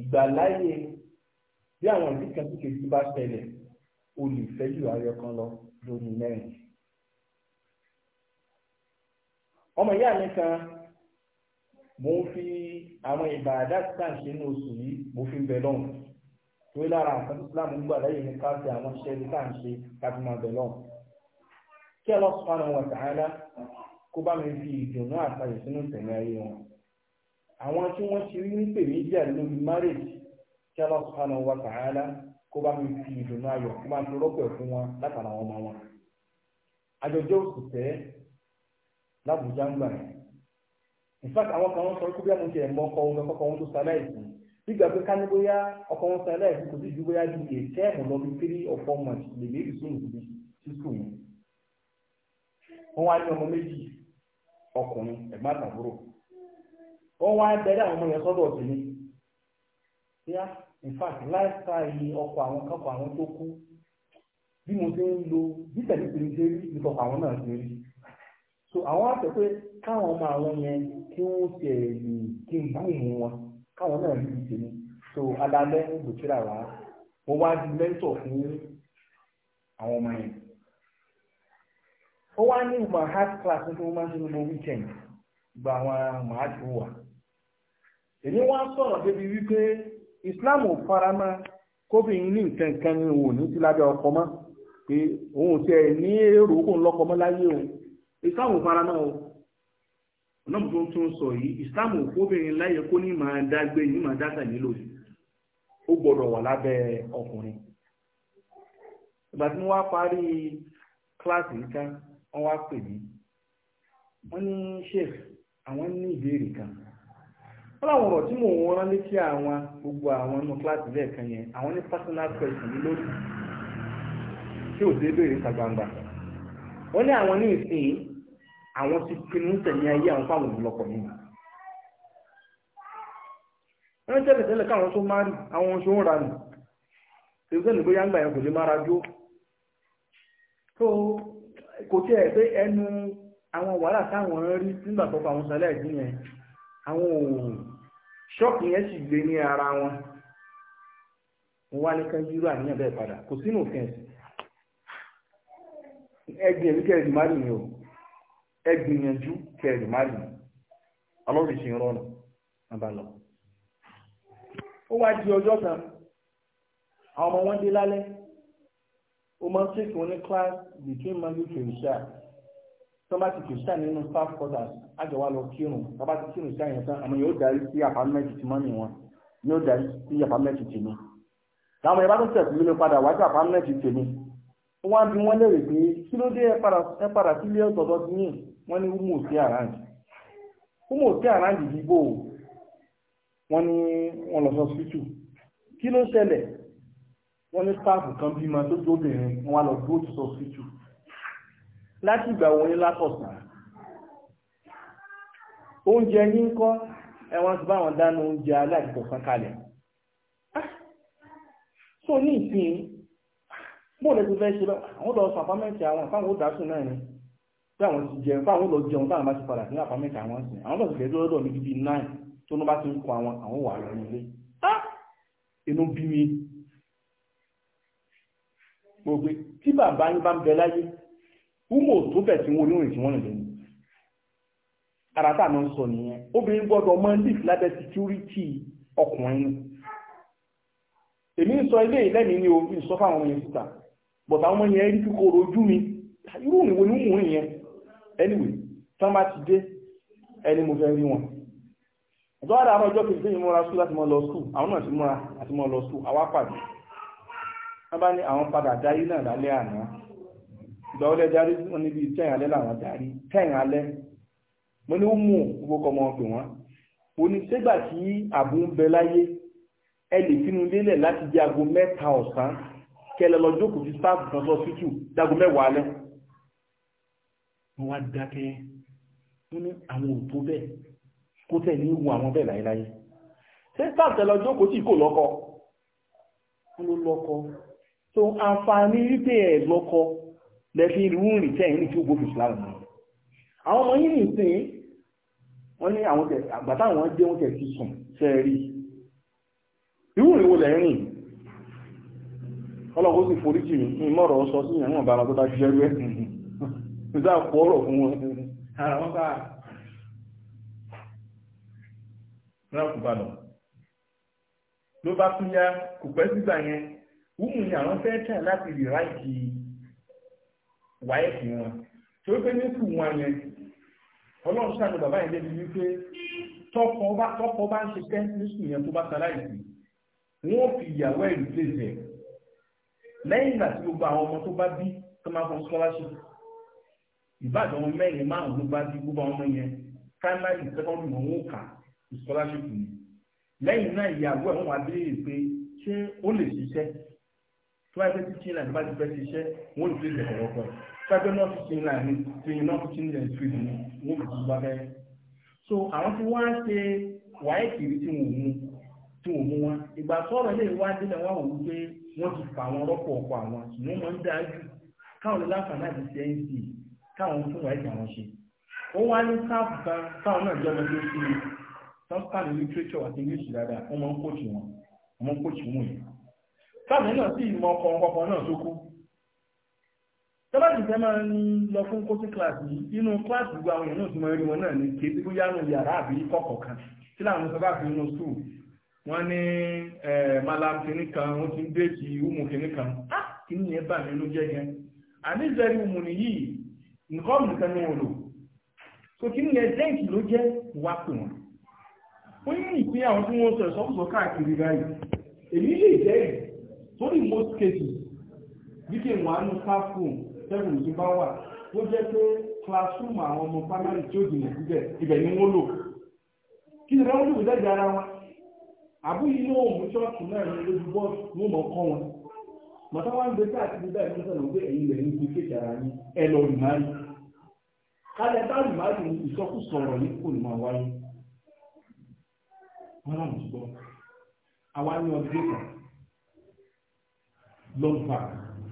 ìgbàláyè bí àwọn ìdí tó kejì bá ṣẹlẹ̀ o lè lọ lórí mẹ́rin. ọmọ ìyá mi kan mo ń fi àwọn ìgbà àdáṣán ṣe ní oṣù yìí mo fi ń bẹ lọ́hùn torí lára nǹkan tó Islam ń gbà lẹ́yìn ní káàsì àwọn iṣẹ́ ní káà ń ṣe káàbí máa bẹ lọ́hùn. kí Allah subhanahu wa ta'ala kó bá mi fi ìdùnnú àtàyè sínú ìtẹ̀lé ayé wọn. àwọn tí wọ́n ti rí ní pèmí díà lórí marriage kí Allah subhanahu wa ta'ala kó bá mi fi ìdùnnú ayọ̀ kó bá mi rọ́pò fún wọn látara àwọn ọmọ wọn. àjọjọ́ oṣù tẹ́ lábùjá ń gbà yẹn in fact àwọn kan wọn sọ pé bí àwọn tiẹ̀ mọ ọkọ wọn kọ́kọ́ wọn tó ṣaláìsí nígbà pé ká ní bóyá ọkọ wọn ṣaláìsí kò sí ju bóyá ju ètẹ́ ẹ̀mọ́ lọ bí three or four months lè méjì sóhùn síbi sí sùn yẹn. wọ́n wá ní ọmọ méjì ọkùnrin ẹ̀gbọ́n àtàbúrò wọ́n wá darí àwọn ọmọ yẹn sọ́dọ̀ ọ̀sẹ̀ ni in fact lifestyle ọkọ̀ àwọn kọ́kọ́ àwọn tó kú bí mo ṣe ń lo bí tẹ̀lé tèmi ṣe rí ní àwọn náà so àwọn àṣẹ pé káwọn ọmọ àwọn yẹn kí wọ́n ṣe èlò kí n gúnmù wọn káwọn náà rí so gbòkìrà wá di mẹ́tọ̀ fún ọmọ yẹn ó wá ní ìmọ̀ ṣe weekend gba àwọn wà èmi wá sọ̀rọ̀ islam ò farama kóbìnrin ní nǹkan kan ni òun ní sí lábẹ́ ọkọ mọ́ pé òun ti ẹ̀ ní èrò kò ń mọ́ láyé o islam ò farama o ọlọ́mù tó ń tún sọ yìí islam ò kóbìnrin láyé kó ní máa dágbé ní máa dáta nílò yìí ó gbọ́dọ̀ wà lábẹ́ ọkùnrin ìgbà tí wọ́n parí kíláàsì nìkan wọ́n wá pè mí wọ́n ní sheikh àwọn ní ìbéèrè kan láwọn ọ̀rọ̀ tí mò ń rán létí àwọn gbogbo àwọn inú kíláàsì lẹ́ẹ̀kan yẹn àwọn ní personal question lórí tí ò sí béèrè ta gbangba wọ́n ní àwọn ní ìsìn àwọn ti pinnu tẹ̀lé ayé àwọn fáwọn òbúlọpọ̀ nínú wọ́n tẹ́lẹ̀ tẹ́lẹ̀ káwọn tó máa rí àwọn oṣù ń ra nù ṣèṣẹ́ nìgbé yá ń gbà yẹn kò lè máa ra jó tó kò tí ẹ̀ pé ẹnu àwọn wàhálà táwọn rí nígbà tó fa àwọn sàlẹ̀ ìdí yẹn àwọn oòrùn ṣọ́ọ̀kì yẹn sì gbé ní ara wọn wọ́n wá ní kanjúrú àníyàn bẹ́ẹ̀ padà kò sínú òfin ẹgbìn ẹ̀rí o ọlọ́run rọrùn nàbà lọ. ó wá di ọjọ́ kan ọmọ wọn dé lálẹ́ tọ́ba ti kìrìsìtà nínú staff quarters àjọwá lọ kírun tọ́ba ti kírun sí àyàn tán àmọ́ yóò darí sí àpamẹ́tì tí mọ́mì wọn yóò darí sí àpamẹ́tì tèmi làwọn ìbá tó tẹ̀sí lé padà wájú àpamẹ́tì tèmi wọ́n á bí wọ́n léèrè pé kí ló dé ẹ padà sílé ọ̀tọ̀ọ̀tọ̀ sí yìí wọ́n ní umu sí àràǹdì umu sí àràǹdì dìbò wọ́n ní wọ́n lọ sọ síkù kí ló ṣẹlẹ̀ wọ́n ní staff kan bímọ tó jóbìnrin wọ́n wá lọ dúró sọ síkù láti ìgbà wo ní látọ̀sán oúnjẹ yín kọ́ ẹwọ́n ti báwọn dáná oúnjẹ aláìsọ̀kan kalẹ̀ ah! so ní ìsìn bóò lẹ́tí fẹ́ ṣe àwọn lọ sọ àpámẹ́ntì àwọn ìfáwọn òdásùn náà ni pé àwọn ti jẹun fáwọn lọ jẹun táwọn bá ti padà sí àpámẹ́ntì àwọn sìn àwọn lọ́sọ̀ kẹ́ẹ́ lọ́dọ̀ ní bíbí náà tó ní bá ti ń kọ àwọn àwọn wà lọ nílé ah! tí bàbá yín bá ń bẹ láyé umu tó bẹ̀ tí wọ́n oníwọ̀n tí wọ́n lè lónìí ara tá a máa ń sọ nìyẹn obìnrin gbọ́dọ̀ máa ń lè fi lábẹ́ security ọkùnrin ni èmi ń sọ ilé ìlẹ́mìí ni o ń sọ fáwọn ọmọ yẹn síta bọ̀tà ọmọ yẹn rí kíkọ́ ojú mi irú yẹn anyway tí wọ́n ẹni mo fẹ́ rí wọn ọjọ́ kejì múra láti lọ àwọn náà ìgbà wọlé darí wọn níbi tẹ́yìn alẹ́ làwọn darí tẹ́yìn alẹ́ mo ní ó mú gbogbo kọ́ ọmọ pè wọ́n ó ní ségbà tí àbú ń bẹ láyé ẹ lè fínú lélẹ̀ láti di aago mẹ́ta ọ̀sán kẹlẹ lọ jókòó sí staff kan sọ sí tù dágo mẹ́wàá alẹ́ wọn wá dákẹ́ wọn ní àwọn òtó bẹ́ẹ̀ kó tẹ̀ ní wọ àwọn bẹ́ẹ̀ láyéláyé ṣé staff tẹ lọ jókòó tí kò lọ́kọ wọn ló lọ́kọ so àǹfààní wípé lẹ́fí irú rìn tẹ́ ìrìn tí ó gbófin mọ́ àwọn ọmọ yìí nìsín wọ́n ní àwọn àgbàtà àwọn jẹ́ oúnjẹ ti sùn fẹ́ rí irú ìwò lẹ́rìn ọlọ́kọ́ sì forí jì mí mọ́rọ̀ sọ sí ìyàwó bàbá tó bá jẹ́ rú nígbà pọ̀rọ̀ fún wọn ara wọn bá rákùnbalọ̀ ló bá tún yá kò pẹ́ sígbà yẹn wúmù ni àwọn fẹ́ tẹ̀ wáyé kù wọn torí pé ní kù wọn yẹn ọlọ́run sáré bàbá yẹn débi wípé tọkọ bá tọkọ bá ń ṣe tẹ́ ní sùn yẹn tó bá sara ìsìn wọn fi ìyàwó ẹ̀ replace ẹ̀ lẹ́yìn ìgbà tí gbogbo àwọn ọmọ tó bá bí tó máa fọ scholarship ìbàdàn ọmọ mẹ́rin márùn ló bá bí gbogbo àwọn ọmọ yẹn primary secondary wọn ò kà scholarship ni lẹ́yìn náà ìyàwó ẹ̀ wọ́n wá béèrè pé ṣé ó lè ṣiṣẹ́ tó bá yẹ kí tí náà tó bá ti fẹ́ ṣiṣẹ́ wọ́n lè fi ìbẹ̀rẹ̀ ọkọ̀ rẹ̀. pẹ́pẹ́ náà ti ṣe láàrin tẹ̀yìn náà ti ṣe ìfìdí ní so àwọn tí wọ́n á ṣe wáyé kiri tí wọ́n mú tí wọ́n mú wọn ìgbà sọ̀rọ̀ lè wá wá wò ti fà wọn rọ́pò ọ̀pọ̀ àwọn ṣùgbọ́n máa ń dájú káwọn láǹfààní àti cnc káwọn fún wáyé àwọn ṣe. ó wá ní sáàpù kan káwọn náà literature àti english dáadáa wọ́n máa ń kóòtù wọn wọ́n máa ń kóòtù tọ́lájì fẹ́ máa ń lọ fún kóṣí kíláàsì inú kíláàsì gbogbo àwọn èèyàn náà tí wọ́n rí wọn náà ní kéde bóyá nù yàrá àbí kọ̀kọ̀ kan tí láwọn sọ bá fi inú sùúrù wọ́n ní malam kìnní kan wọ́n ti ń déètì umu kìnní kan á kìnní yẹn bà nínú jẹ́ yẹn àní zẹ́rí umu nìyí nǹkan nìkan ni wọ́n lò so kìnní yẹn dẹ́ǹkì ló jẹ́ wá pè wọ́n ó ní ìpín àwọn tí wọ́n sọ ìsọkúsọ káàkiri báyìí èyí lè jẹ́ torí tẹ́gùn yìí bá wà tó jẹ́ pé classroom àwọn ọmọ primary tí ó jìnà síbẹ̀ ibẹ̀ ni wọ́n lò kí ni wọ́n lò lẹ́gbẹ̀ẹ́ ara wọn àbú ní òun ṣọ́ọ̀tù náà ní lójú bọ́ọ̀sì wọn màtá wọn gbé ti ara ẹ lọ kálẹ̀ bá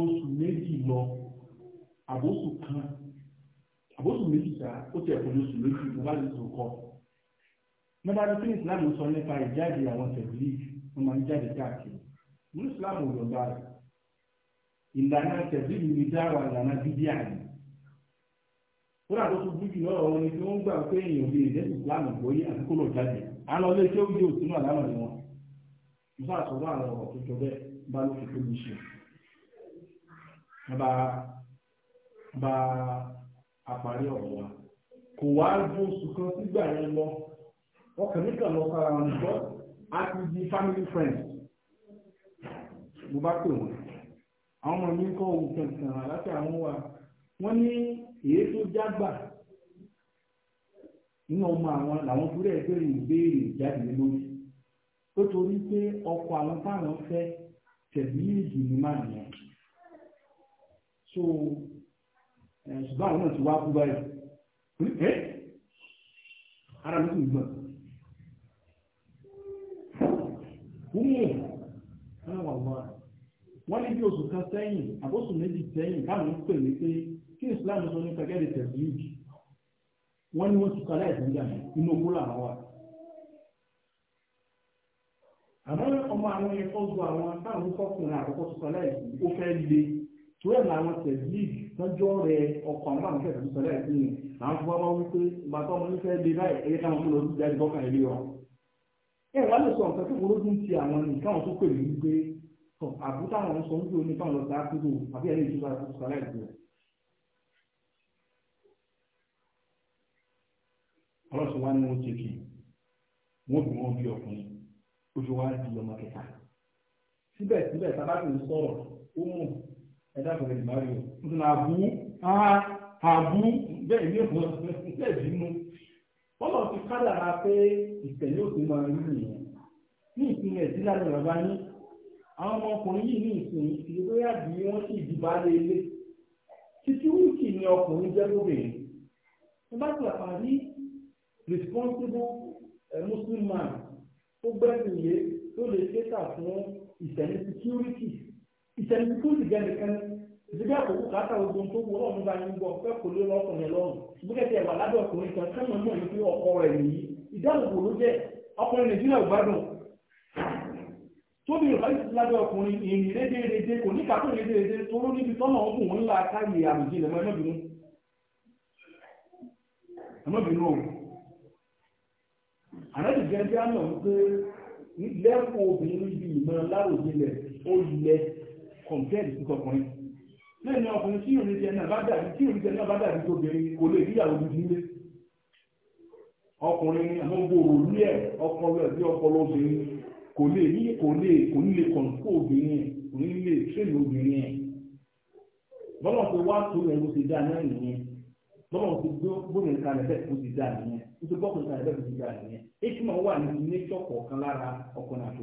oṣù méjì lọ àbóṣù kan àbóṣù méjì sá ó ti ẹ̀kọ́ ní oṣù méjì mo bá lè sọ kọ́ nígbà tí kí islam sọ nípa ìjáde àwọn tẹ̀lé wọn máa ń jáde káàkiri ní islam ò yọ̀ǹda rẹ̀ ìlànà tẹ̀lé mi ní dáwà ìlànà bíbí àná ó dàgbọ́ bújú lọ́rọ̀ wọn ni pé wọ́n gbà pé èèyàn lè ní islam gbóyè àti kó lọ jáde àlọ́ ilé iṣẹ́ òbí òsínú àlámọ̀ ni wọn mo sáà sọ fún àwọn ọ̀rọ̀ tó jọ bẹ́ẹ̀ bá ló tó mi ṣe bá bá àparí ọ̀rọ̀ wa kò wá ju oṣù kan sígbà yẹn lọ ọkàn níkan lọ sára wọn gbọ́ a ti di family friends mo bá pè wọ́n àwọn ọmọ mi kọ́ ohun kankan aláṣẹ àwọn wa wọ́n ní èyí tó jágbà nínú ọmọ àwọn làwọn tó rẹ̀ bẹ̀rẹ̀ ìbéèrè jáde lórí tó torí pé ọkọ̀ àwọn táwọn fẹ́ tẹ̀lé ìdì ní màá so eh, ṣùgbọ́n àwọn náà ti wá kú báyìí hm, ẹ́ ara mi kìí gbọ́n kúmù wọ́n ní bí oṣù kan sẹ́yìn àbóṣù méjì sẹ́yìn káwọn ń pè ní pé kí Islam sọ nípa gẹ́gẹ́ tẹ̀sílíìgì wọ́n ní wọ́n ti inú làwọn wà àmọ́ ọmọ àwọn àwọn táwọn àkọ́kọ́ ti ó fẹ́ le tó ẹ̀ làwọn tẹ̀líìgì tọ́jọ́ rẹ ọkọ̀ àwọn àwọn akẹ́kọ̀ọ́ sọ láì sí yẹn làwọn fún wa wípé ìgbà tó ọmọ nífẹ̀ẹ́ lè báyìí ẹ̀yẹ káwọn mú lọ sí jáde bọ́kàn ilé wa. ẹ wá lè sọ nǹkan tó wọlé fún ti àwọn nìkan wọn tó pè mí wípé tọ àbúrò àwọn sọ wípé oní báwọn lọ sí àkúrò àbí ẹ̀yẹ ìṣúra sọ láì sí yẹn. ọlọ́sùn wa ni wọ́n ti kì wọ́n bí wọ́n bí ọkùnrin ojú wa di ọmọ kẹta síbẹ̀síbẹ̀ sábà ẹ̀dá àgbẹ̀rẹ̀ ìgbà rẹ̀ o tún àbú àbú bẹ́ẹ̀ ní ìwọ̀n bẹ́ẹ̀ bínú bọ́lá ti kádàrá pé ìtẹ̀lé òfin máa rí nìyẹn ní ìpínlẹ̀ tí lálẹ́ bàbá ní àwọn ọmọkùnrin yìí ní ìsìn ìrora bí wọ́n sì dìbà lé ilé títí wíìkì ni ọkùnrin jẹ́ lóbìnrin ní bá tilẹ̀ parí responsible eh, Muslim man tó gbẹ́sìn yé tó lè ṣèkà fún ìtẹ̀lé security ìṣẹ̀lẹ̀ tó ti gẹ̀ nìkan ìdílé àkókò káàtà ogun tó wọ́n ọ̀nà bá yín gbọ́ fẹ́ kò lé lọ́kùnrin lọ́rùn ìgbésẹ̀ wà lábẹ́ ọkùnrin kan káwọn náà ní pé ọkọ rẹ̀ nìyí ìdáàbòbò ló jẹ́ ọkùnrin nàìjíríà ò gbádùn tóbi ìfàyè ti lábẹ́ ọkùnrin èyí rédérédé kò ní kàtó rédérédé tó ló níbi tọ́nà ọkùn wọn ńlá káyè àmìjì lẹ́mọ ẹmọ́bìnú ẹmọ́bìnú o àrẹ́dì gẹ́gẹ́ àná wípé lẹ́kọ̀ọ́ obìnrin bíi ìmọ̀ láròjinlẹ̀ ó lẹ̀ kọ̀m̀pẹ́ẹ̀lì sí ọkùnrin lẹ́nu ọkùnrin tí òun jẹ náà bá dàbí tí òun jẹ náà bá dàbí tó bèrè kò lè ríyàwó gidi nílé ọkùnrin àwọn gbòòrò ní ẹ ọpọlọ ẹbí ọpọlọ obìnrin kò lè ní kò lè kò ní lè kọ̀ǹkó obìnrin ẹ kò ní lè tírèlì obìnrin ẹ bọ́lá ti wá tó yẹn ló ti dá náà nìyẹn bọ́lá ti gbóyè kalẹ̀ bẹ́ẹ̀ kó ti dá nìyẹn nítorí bọ́ọ̀kùnrin kalẹ̀ bẹ́ẹ̀ kó ti dá nìyẹn èyí wà ní nature kọ̀ọ̀kan lára ọkùnrin àti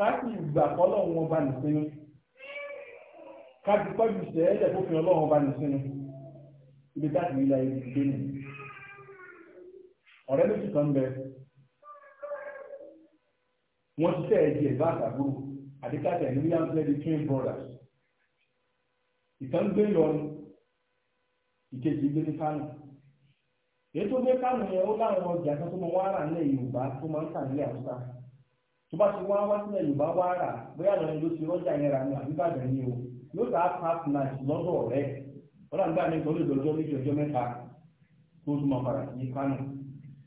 káàkì ìgbà kọ́lọ̀ wọn bá nìsinmi káàkì pọ́jù sẹ́ẹ̀lẹ̀ fófin ọlọ́run bá nìsinmi ibi táàkì ilẹ̀ ìgbé nì ọ̀rẹ́ méjì kan bẹ wọ́n ti tẹ́ẹ̀ di ẹ̀bá àtàgbò àdíkàtẹ̀ ní william lady twin brothers ìtàn gbé lọrin ìkejì gbé ní kánò èyí gbé kánò yẹn ó láwọn ọjà kan tó mọ wàrà nílẹ̀ yorùbá tó máa ń tà nílẹ̀ àwùsá tó bá ti wá wá sílẹ̀ yorùbá wá rà bóyá lọ́nà ló ti rọ́jà yẹn rà ní àbíbàdàn ni o yóò tà á pa snatch lọ́dọ̀ rẹ̀ ọ̀là nígbà mi kò lè dọ̀jọ́ méjì ọjọ́ mẹ́ta tó tún máa sí kánò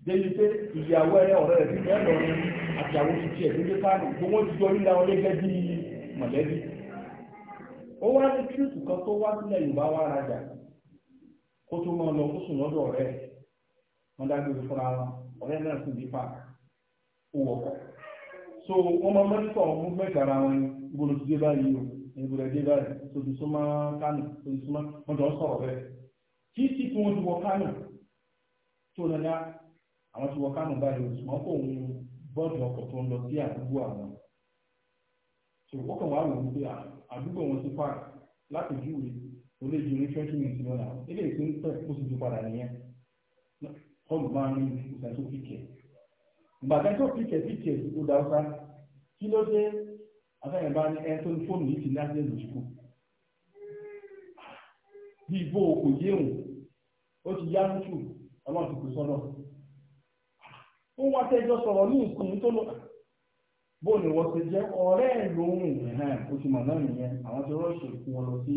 débi pé ìyàwó ẹ̀rẹ́ ọ̀rẹ́ rẹ̀ fífẹ́ tiẹ̀ ti jọ nílá wọn bí mọ̀lẹ́bí ó wá ní kírísù kan tó wá sílẹ̀ wá so wọ́n máa mọ́nítọ̀ movement ara wọn ni ìgbòrò ti dé báyìí o ìgbòrò dé báyìí tòbí súnmọ́ kánò tòbí súnmọ́ wọn jọ ń sọ̀rọ̀ bẹ́ẹ̀ kí sì tí wọ́n ti wọ kánò tó lọ́yà àwọn ti wọ kánò báyìí o ṣùgbọ́n kò ń bọ́ọ̀dù ọkọ̀ tó ń lọ sí àdúgbò àwọn so wọ́n kàn wá wò ó pé àdúgbò wọn ti fà láti júwe kò lè ju ní twenty minutes lọ́la ilé ìpín pẹ̀ kó sì ti padà nìyẹn kọ́ọ̀lù máa ń rí ìsàtúkìkẹ́ gbàgbé tó fi kẹ̀síkè ìdíkù dáwọ́sá kí ló dé afẹ́yìn bá ẹ tó ní fóònù yìí ti ní àti ẹ̀dùn ṣùkú bí ibo kò ó ti yá lóṣù ọlọ́run ti sọ́nà ó wá tẹ́jọ́ sọ̀rọ̀ ní nǹkan tó lọ bó ni wọ́n ti jẹ́ ọ̀rẹ́ ẹ̀ ẹ̀hán oṣù mọ̀ nìyẹn àwọn ti rọ́ọ̀ṣì kú wọn lọ sí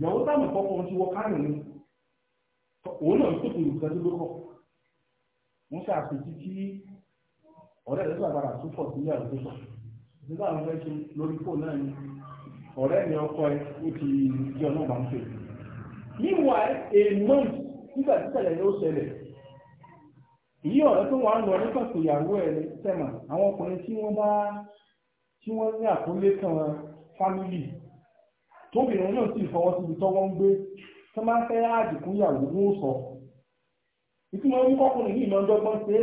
ìyàwó táwọn ìkọ́kọ́ ti wọ kánò ni òun náà tó kùn nǹkan tó ló kọ̀ wọ́n ṣàfihàn títí ọ̀rẹ́ rẹ̀ sàgbára tó pọ̀ sí ìyàwó tó sọ nígbà wọn fẹ́ ṣe lórí fóònù náà ni ọ̀rẹ́ mi ọkọ ẹ ó ti jẹ́ ọ̀nà bá ń pè níwà èèmọ̀ nígbà tí yóò ṣẹlẹ̀ èyí ọ̀rẹ́ tó wà ń lọ nípa ìyàwó ẹ̀ sẹ́mà àwọn ọkùnrin tí wọ́n bá tí wọ́n ní àkólé kan fámìlì tóbìnrin náà sì fọwọ́ síbi tọ́wọ́ ń gbé tó máa ń fẹ́ àdìkún ìyàwó ló sọ ìtumọ̀ ń kọ́kùnrin yìí máa ń dọ́gbọ́n ṣe é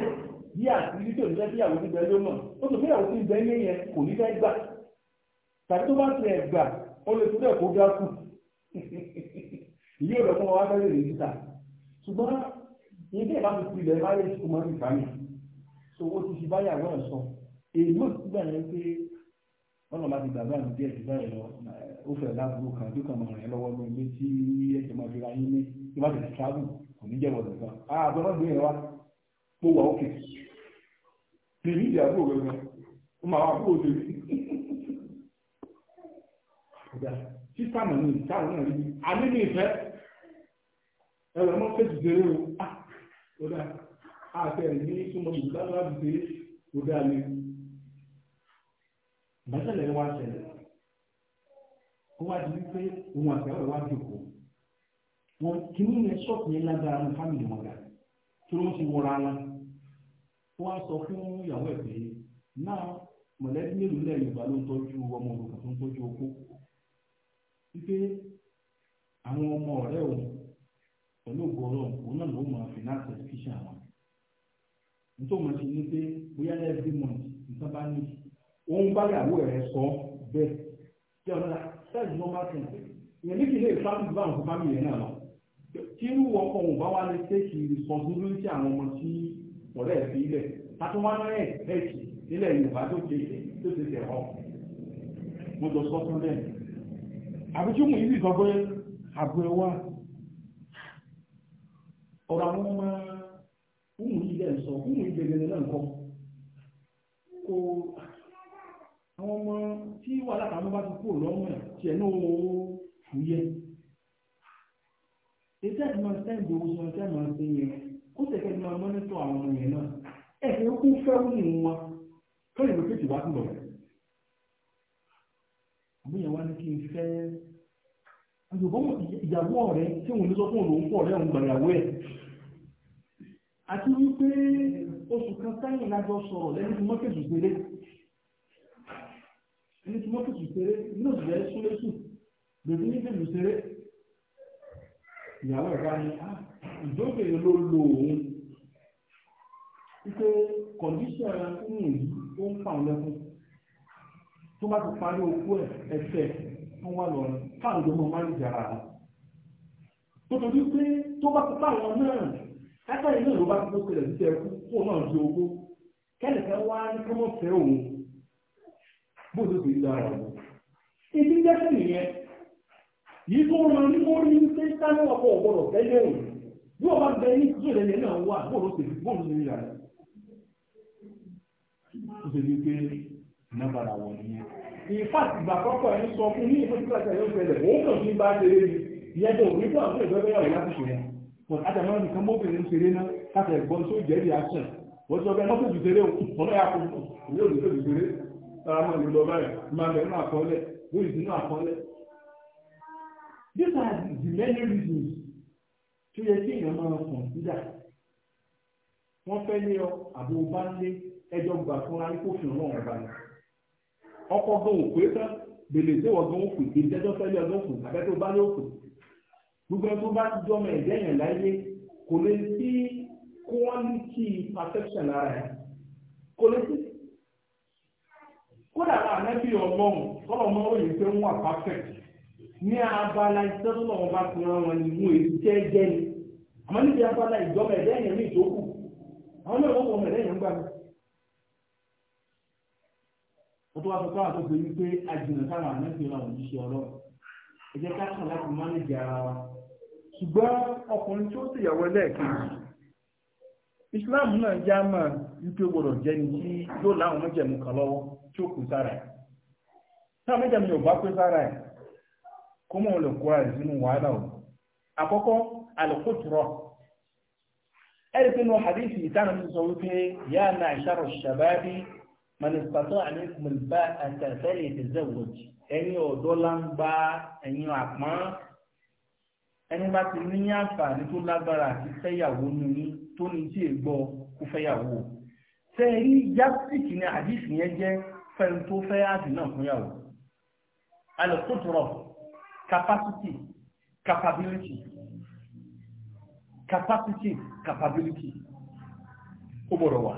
bí àtìrí tí òṣìṣẹ́ síyàwó ti bẹ ló mọ̀ ó sọ fíyàwó ti bẹ ilé yẹn kò ní fẹ́ gbà tàbí tó bá ti ẹ̀ gbà ó lè tún ẹ̀kọ́ gá kù ìyé ọ̀dọ̀ fún wa fẹ́rẹ̀ lè títà ṣùgbọ́n ní bí ẹ̀bá ti fi ilẹ̀ bá wọ́n lọ́ọ́ bá ti gbàgbọ́ àti díẹ̀ jù báyìí lọ ó fẹ́ láàbùrú kan tó kàn mọ̀ rẹ̀ lọ́wọ́ ní ilé tí ẹ̀jẹ̀ máa fi ra yín ní tó bá ti travel kò ní jẹ́ wọ̀dọ̀ kan ah, àbọ̀ náà gbìyànjú wa kó wà ókè lè ní ìdí àbúrò gbẹgbẹ ó máa wà kó o lè rí. sísá mọ̀ ní ìta náà rí alẹ́ ní ìfẹ́ ẹ̀rọ mọ́ fẹ́ jùlọ o ó dà á fẹ́ ní súnmọ́ ìgbàlá àbùdé ó dà lé ìbáṣẹ̀lẹ̀ yẹn wá ṣẹlẹ̀ ó wá di wípé òun àgbẹ̀wò wá jòkó wọn kìíní yẹn ṣọ́ọ̀kì yẹn lágbára ní fámìlì wọn gà tí wọ́n ti wọra wọn ó wá sọ fún ìyàwó ẹ̀ pé náà mọ̀lẹ́bí mélòó lẹ́yìn Yorùbá ló ń tọ́jú ọmọ òrùka tó ń tọ́jú okó wípé àwọn ọmọ ọ̀rẹ́ òun pẹ̀lú ògbó ọlọ́run òun náà ló máa fi náà tẹ̀síṣà wọn nítorí wọn ti ní pé bóyá every month nǹkan bá ní ó ń bá ìyàwó rẹ̀ sọ bẹ́ẹ̀ tí ọ̀nà sẹ́ẹ̀dì normal thing ìyẹn ní kí ilé ìfáàmù bá àwọn fámìlì yẹn náà lọ tí irú ọkọ òun bá wá lè tẹ́kì responsibility àwọn ọmọ tí ọ̀rẹ́ ẹ̀ fi ilẹ̀ tàbí wọn náà ẹ̀ tẹ́kì nílẹ̀ Yorùbá tó kéèké tó ti tẹ̀ ọ́ mo jọ sọ fún bẹ́ẹ̀ àbí tí mo yí ìgbà pé àbúrò wa ọ̀rọ̀ àwọn ọmọ ọmọ yìí dẹ̀ sọ ọmọ yìí dẹ̀ náà kọ́ kó àwọn ọmọ tí wàhálà kan ló bá ti kúrò lọ́wọ́ ẹ̀ tiẹ̀ náà ó fúyẹ́ ètò ẹ̀sìn máa sẹ́ǹdì owó sọ ẹ̀sìn máa ṣe yẹn kó tẹ̀kẹ́ máa mọ́nítọ̀ àwọn ọmọ yẹn náà ẹ̀sìn kún fẹ́rù ní wọn tó lè lókè tìwá tó lọ. àbúyẹn wá ní kí n fẹ́ àjọ̀bọ́n ìyàwó ọ̀rẹ́ tí òun ní sọ fún òun pọ̀ lẹ́hùn gbàyàwó ẹ̀. àti wípé oṣù kan sẹ́yìn lájọ sọ̀rọ̀ lẹ́yìn tí mọ́kẹ́sù péré ẹni tí wọ́n fi sùsèré inú ìjẹ́ súnlẹ́sù bèbí ní fi sùsèré ìyàwó ẹ̀ka ni ìjókè yìí ló lo òun wípé kọ̀díṣẹ̀ ń yìí ó ń fà lẹ́kùn tó bá ti parí okú ẹ̀ ẹ̀fẹ̀ wọ́n wà lọ́rùn fáwọn ọmọ máa ń jàrà rẹ̀ tó torí pé tó bá ti fáwọn náà ẹgbẹ́ ilé ìlú bá ti tó ṣẹlẹ̀ sí ẹkú kó náà di owó kẹ́lẹ̀kẹ́ wá ní kọ́mọ́fẹ́ òun bó ti dára wọn. Ibi ń nìyẹn. Yìí tó rán ní ó ní ṣe sáré ọkọ̀ ọ̀gbọ̀rọ̀ tẹ́lẹ̀ rẹ̀. Bí bẹ ní ìṣòro ẹ̀yẹ náà wà bó ti bó ti rí rẹ̀. Ó fún àwọn ìgbẹ́gbẹ́ yàwó láti ṣe yẹn. Wọ́n nìkan mọ́bìnrin ṣeré náà káfẹ́ ẹ̀gbọ́n tó jẹ́ ìyá sẹ̀. Wọ́n sọ bẹ́ẹ̀ mọ́tò ọ̀nà yà kó ìwé òdòdó ìṣeré ara máa lò lọ báyìí máa bẹ̀rù àkọọ́lẹ̀ wọ́n ìdí náà àkọọ́lẹ̀. these are the many reasons tó yẹ kí èèyàn máa kọ̀ǹsídà wọ́n fẹ́ lé ọ àbò bá ń lé ẹjọ́ gbà fúnra ní kò fìràn náà ọ̀gbà ni ọkọ̀ gan ò pé tán bèlè tí wọ́n gan òkú èyí tẹ́jọ́ fẹ́ lé ọdún kù àbẹ́ tó bá lé òkú gbogbo ẹ tó bá ti jọmọ ẹ̀jẹ̀ yẹn láyé kò lè sí quality perfection lára ẹ̀ kò lè sí kódà ànábì ọlọ́run tọ́lọ̀ mọ́ òye pé wọ́n wà perfect ní abala iṣẹ́ tó lọ́wọ́ bá ti wọn ní ni àmọ́ níbi abala ìjọba ẹ̀dá ẹ̀yẹ̀ ní ìjókòó àwọn náà wọ́pọ̀ ọmọ gbà mí. tó wá sọ ká kàn láti ara wa. ṣùgbọ́n ọkùnrin Islam náà já wípé jẹ́ni tí yóò láwọn tí ó kù sára ẹ̀ náà mẹ́jẹ̀ mi ò bá pé sára ẹ̀ kó mọ̀ lè kó ara sínú wàhálà o àkọ́kọ́ alùkùtùrọ̀ ẹ̀rí pé nù hadithi ìtànà mi sọ wípé yá na ìṣàrò ṣàbábí manifatọ́ àmì kùmùlbá àtàfẹ́lẹ̀ ìtẹ̀zẹ̀wòjì ẹ̀yin ọ̀dọ́ láńgbá ẹ̀yin àpọ́n ẹni bá ti ní àǹfààní tó lágbára àti fẹ́yàwó nínú tó ní tí ègbọ́ kó fẹ́yàwó fẹ́ẹ̀rí yásìkì ni àdìsí yẹn jẹ́ fẹ́ni tó fẹ́ àjì náà fún yàwó alẹ́kùtùrọ̀ capacity capability capacity capability ó bọ̀rọ̀ wà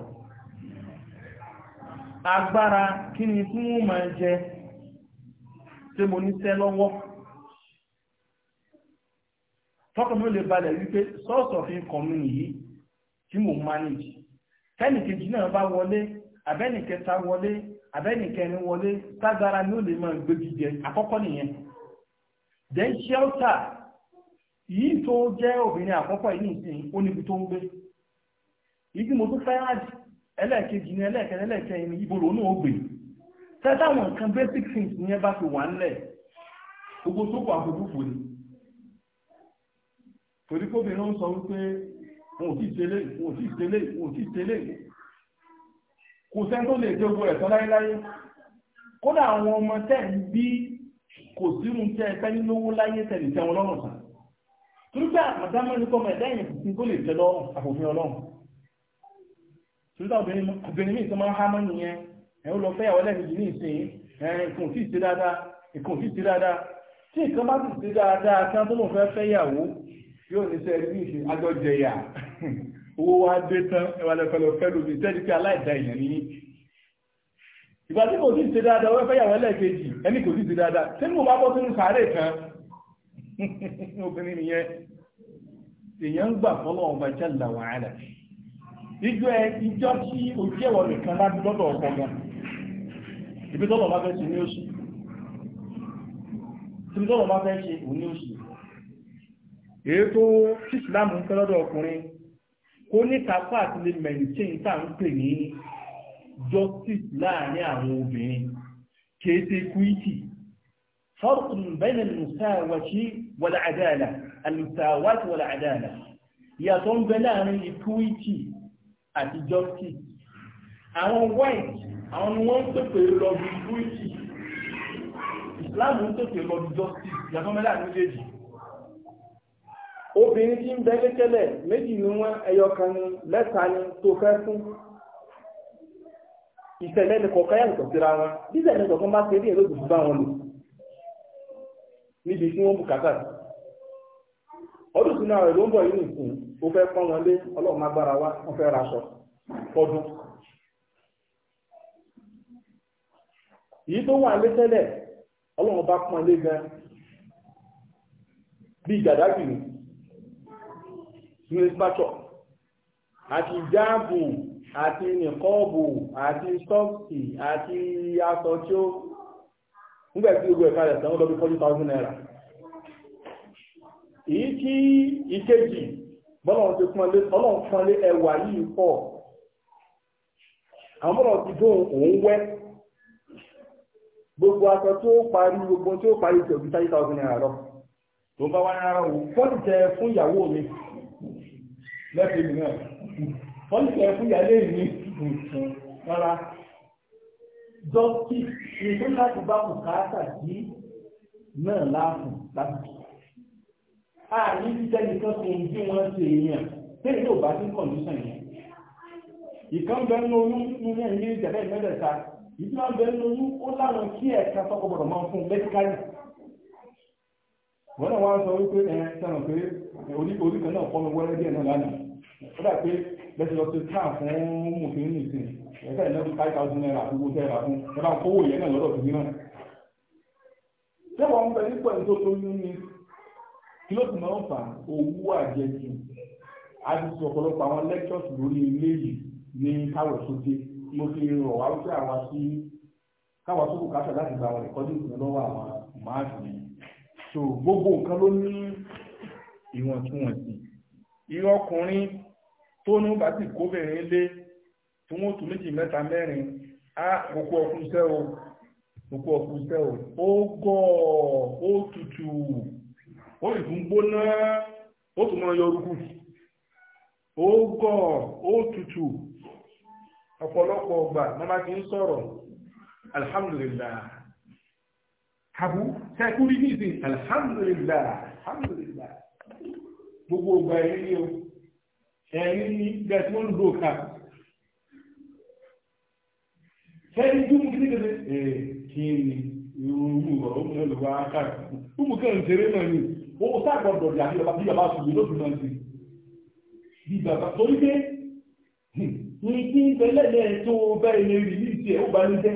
agbára kí ni tí wọ́n máa jẹ tí mo ní tẹ́ lọ́wọ́ tọ́kọ̀ mi lè balẹ̀ wípé source of income yìí tí mo manage tẹ́nìkejì náà bá wọlé àbẹ́nìkẹta wọlé abẹ́nìkẹni wọlé tágbára ní ó lè máa gbégi jẹ àkọ́kọ́ nìyẹn then shelter yìí tó jẹ́ obìnrin àkọ́kọ́ yìí nìsín ó níbi tó ń gbé ibi mo tún fẹ́ràn ẹlẹ́ẹ̀kejì ní ẹlẹ́ẹ̀kẹ́ni ẹlẹ́ẹ̀kẹ́ni ní ibo lòun náà gbé tẹ́tàwọn nǹkan basic things ní ẹ bá fi wà ńlẹ̀ gbogbo tó kọ àkókò fò torí kóbìnrin ń sọ wípé wọn ò tí ì tẹ́lẹ̀ wọn ò tí ì tẹ́lẹ̀ wọn ò tí ì tẹ́lẹ̀ kò sẹ́ni tó lè dé ogun rẹ̀ tán láyéláyé kódà àwọn ọmọ tẹ́ ń bí kò sírun tẹ́ ẹ fẹ́ lówó láyé tẹ̀lé tẹ́ wọn lọ́rùn sàn tùrúgbà àdámọ́ ní kọ́mọ ẹ̀dá ẹ̀yìn tuntun tó lè tẹ́ lọ́rùn àfòfin ọlọ́run tùrúgbà obìnrin mi tó máa ń há mọ́ nìyẹn ẹ̀ ń lọ fẹ́ àwọn ẹlẹ́yìn ní ìsìn ẹ̀kùn tí ì ṣe dáadáa ẹ̀kùn tí ì ṣe dáadáa tí nǹkan bá sì ṣe dáadáa kí wọ́n tó lóun fẹ́ fẹ́ yàwó yóò ní sẹ́ẹ̀rí ní ìṣe àjọjẹyà owó wa dé tán ẹwà lẹ́fẹ́ lọ fẹ́ lómi tẹ́lí pé aláìda èèyàn ní ìgbà tí kò sí ṣe dáadáa wọ́n fẹ́ yàwó ẹlẹ́ẹ̀kejì ẹni kò sí ṣe dáadáa tí mo bá bọ́ sínú sàárè kan obìnrin nìyẹn èèyàn ń gbà fọ́lọ́ ọba jalla wa ala ìjọ ẹ ìjọ tí ojú nìkan bá ọkọ gan ibi tọ́lọ̀ bá fẹ́ ṣe ní oṣù ibi tọ́lọ̀ bá fẹ́ ṣe òní oṣù èyí tó ń lọ́dọ̀ ọkùnrin kó ní kápá àti lè maintain tá à ń pè ní justice láàrin àwọn obìnrin kìí ṣe equity فرق بين المساواة والعدالة المساواة والعدالة يتم بلان equity àti justice àwọn white àwọn ni wọ́n ń pèpè lọ bí equity Islam ń pèpè lọ bí justice yàtọ̀ mẹ́lá méjèèjì obìnrin tí ń bẹ létẹ́lẹ̀ méjì ní wọ́n ẹyọ kan ní ni tó fẹ́ fún ìṣẹ̀lẹ̀ ní kọ̀ọ̀kan yàtọ̀ síra wọn bí ìṣẹ̀lẹ̀ bá ṣe rí bá wọn lò níbi tí wọ́n bùkátà sí ọdún sínú àwọn ń yìí ó wọn lé wa nomenclature àti jáàbù àti nìkọ́ọ̀bù àti sọ́ọ̀kì àti aṣọ tí ó nígbà tí gbogbo ẹ̀ka rẹ̀ sẹ́wọ́n lọ bí forty thousand naira èyí tí ìkejì bọ́lọ̀n ti pọ́nlé ọlọ́n pọ́nlé ẹwà yìí pọ̀ àwọn bọ́lọ̀n ti dún òun wẹ́ gbogbo aṣọ tó parí gbogbo tó parí tẹ̀gbí thirty naira lọ tó bá wá náírà wò fọ́ọ̀tì lẹ́kẹ̀ẹ́ náà wọ́n ti ẹ̀fún ìyálé ìní rárá dọ́kí ìlú láti bá bùkátà sí náà láàfún láti ààrí jíjẹ́ nìkan tó ń bí wọ́n ṣe èèyàn tẹ́lẹ̀ yóò bá sí kọ̀ǹdíṣàn yẹn ìkan bẹ ní oyún nínú ẹ̀yìn ìjẹ̀bẹ́ ìmẹ́lẹ̀ta ìdí máa bẹ ní oyún ó láwọn kí ẹ̀ka tọkọ gbọ́dọ̀ máa fún mẹ́tíkálì wọ́n wá sọ wípé ẹ̀ sẹ́wọ̀n pé orí kan náà fọ́nmi wẹ́rẹ́ díẹ̀ náà lánàá ó dà pé bẹ́sẹ̀ lọ tán fún mùsùlùmí nìsín ẹ̀ka ìnáwó five naira àti owó tẹ́ra fún ẹ̀ bá yẹn náà lọ́dọ̀ tìbí náà. sẹ́wọ̀n ń bẹ nípa ẹni tó lóyún ni kí ló ti máa ń fa owó àjẹjù a ọ̀pọ̀lọpọ̀ àwọn lectures lórí ilé ní káwọ̀ sókè mo fi rọ̀ wá wípé àwa sí káwọ̀ sókè káṣà láti gba àwọn ẹ̀kọ́ dìbò lọ́wọ́ àwọn máàkì yẹn so gbogbo nǹkan ló ní ìwọ̀ntúnwọ̀nsì irú ọkùnrin tó ní bá sì kóbìnrin lé tí wọ́n tún méjì mẹ́ta mẹ́rin á òkú ọkùn sẹ́ o òkú ọkùn sẹ́ o ó gọ̀ ó tutù ó ìfún gbóná ó tún mọ́ yọrùkù ó gọ̀ ó tutù ọ̀pọ̀lọpọ̀ ọgbà mọ́má ti ń sọ̀rọ̀ alhamdulillah kàbú sẹ́kúrí ní ìsìn alhamdulillah alhamdulillah gbogbo ọgbà ẹ̀rí ni o ẹ̀rí ni bẹ́ẹ̀ tí wọ́n lò ká sẹ́yìn tí mo kí ní kẹ́lẹ́ ẹ̀ kí ni ìrùrù ọ̀rọ̀ mọ́ lọ́wọ́ akáàrẹ̀ tó mú kẹ́rin tẹ̀rẹ́ náà ni ó sàgbọ̀dọ̀ jà bí bàbá ṣùgbọ́n ló fi ti bí bàbá torí pé ní kí ń tẹ́lẹ̀ lẹ́ẹ̀ tó bá ilé rí ní ìṣẹ́ ó bá ní jẹ́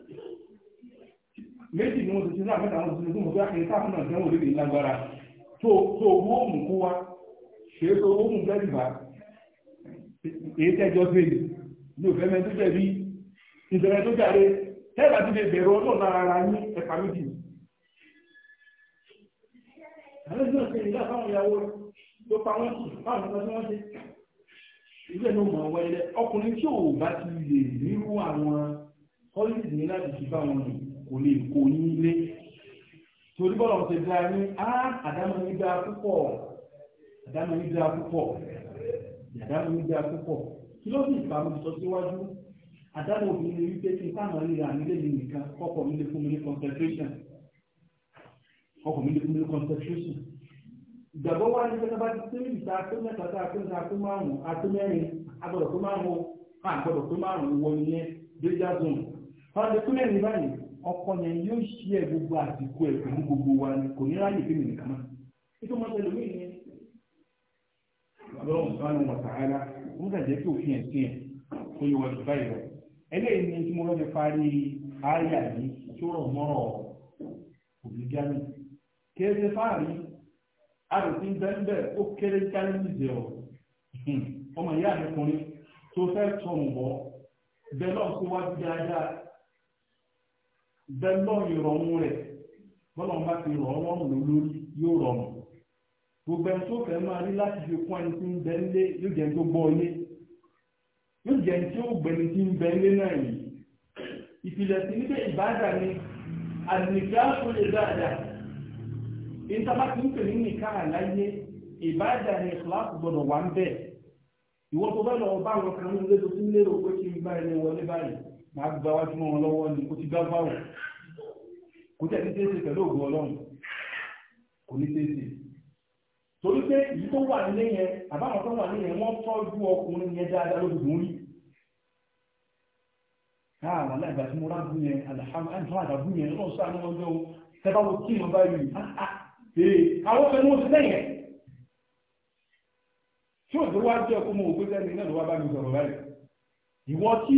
méjì ni wọ́n ti ṣe náà mẹ́ta wọn ti ṣe fún mọ̀tò àkẹ́yẹ táwọn náà dánwò lórí lágbára tó owó mú kó wá ṣe é tó owó mú bẹ́ẹ̀ bá èyí tẹ́jọ́ fèrè ní òfẹ́ mẹ́ tó jẹ̀bi ìbẹ̀rẹ̀ tó jàre tẹ́lá ti lè bẹ̀rẹ̀ ọlọ́ lára yín ẹ̀ka méjì. àlejò ìṣẹ̀lẹ̀ ìlà fáwọn ìyàwó ló pa wọ́n sí fáwọn ìgbà tí wọ́n ṣe ilé ló mọ̀ wẹ́lẹ́ ọkùnrin tí ò bá ti lè nírú àwọn kọ́lẹ́jì kò lè kó yín lé torí bọ́lá ọ̀sẹ̀ dá ní á àdámọ̀ yín dá púpọ̀ àdámọ̀ yín dá púpọ̀ àdámọ̀ yín dá púpọ̀ kí ló sì ìpamọ́ sọ síwájú àdámọ̀ obìnrin wípé kí n káàmọ̀ ríra nílé mi nìkan kọ́kọ́ mi lè fún mi ní concentration kọ́kọ́ mi lè fún mi ní concentration ìgbàgbọ́ wa ní sẹ́nà bá ti tẹ́lẹ̀ ìta tó mẹ́ta tá a tó mẹ́ta tó márùn-ún a tó mẹ́rin a gbọ́dọ̀ tó márùn-ún a gbọ́dọ̀ tó márùn-ún wọ ìyẹn déjà zone. wọ́n ti tó mẹ́rin báyìí ọkọ yẹn yóò ṣí ẹ gbogbo àsìkò ẹ pẹ̀lú gbogbo wa ni kò ní ráyè fún mi nìkan mọ́ nítorí wọn tẹ̀lé mí ni ọlọ́run sọ àwọn ọ̀tá ara wọn kà jẹ́ kí òfin ẹ̀ sí ẹ̀ kó yẹ wọn báyìí eléyìí ni tí mo lọ́ fi parí yìí tó rọ̀ mọ́rọ̀ fáàrí àròsí ó kéré jáde níjẹ́ ọ̀ ọmọ ìyá mi kùnrin tó fẹ́ bẹ́ẹ̀ bẹ́lọ́ ìrọ̀rùn rẹ̀ bọ́lá wọn bá ti rọ̀ wọ́n rùn lórí yóò rọrùn gbogbo ẹni tó fẹ́ máa rí láti fi kún ẹni tí ń bẹ nílé yóò jẹ́ tó gbọ́ ilé yóò jẹ́ tí ó gbẹni tí ń bẹ nílé náà yìí ìpìlẹ̀ sí níbẹ̀ ìbáàdà ni àdìníkà tó lè dáadáa ìtàbá tí ń pè ní nìkan àláyé ìbáàdà ni ìkìláàsì gbọdọ̀ wà ń bẹ̀ ìwọ́n tó bẹ́ẹ̀ lọ bá wọn kan ní ilé tó ti ń kí n gbá ẹni wọlé báyìí máa gba wájú mọ́ wọn lọ́wọ́ ni kó ti gbá báwọ̀ kò tẹ̀ ní tẹ́sí pẹ̀lú ògùn ọlọ́run kò ní tẹ́sí torí pé èyí tó wà nílé yẹn àbáwọn tó wà nílé yẹn wọ́n tọ́jú ọkùnrin yẹn dáadáa lóbìnrin rí káà ah, wà láì bàtí mo rábù yẹn alhamdulilayi àdàbù yẹn lọ́wọ́ sáà ní wọ́n jọ tẹ́bá wo kí ló bá yìí ah, ah, eh, àwọn ọmọ ẹni wọ́n ti lẹ́yìn ẹ̀ tí òjò wá jẹ́ kó mo wò pé sẹ́ni náà ló wá bá mi sọ̀rọ̀ báyìí ìwọ tí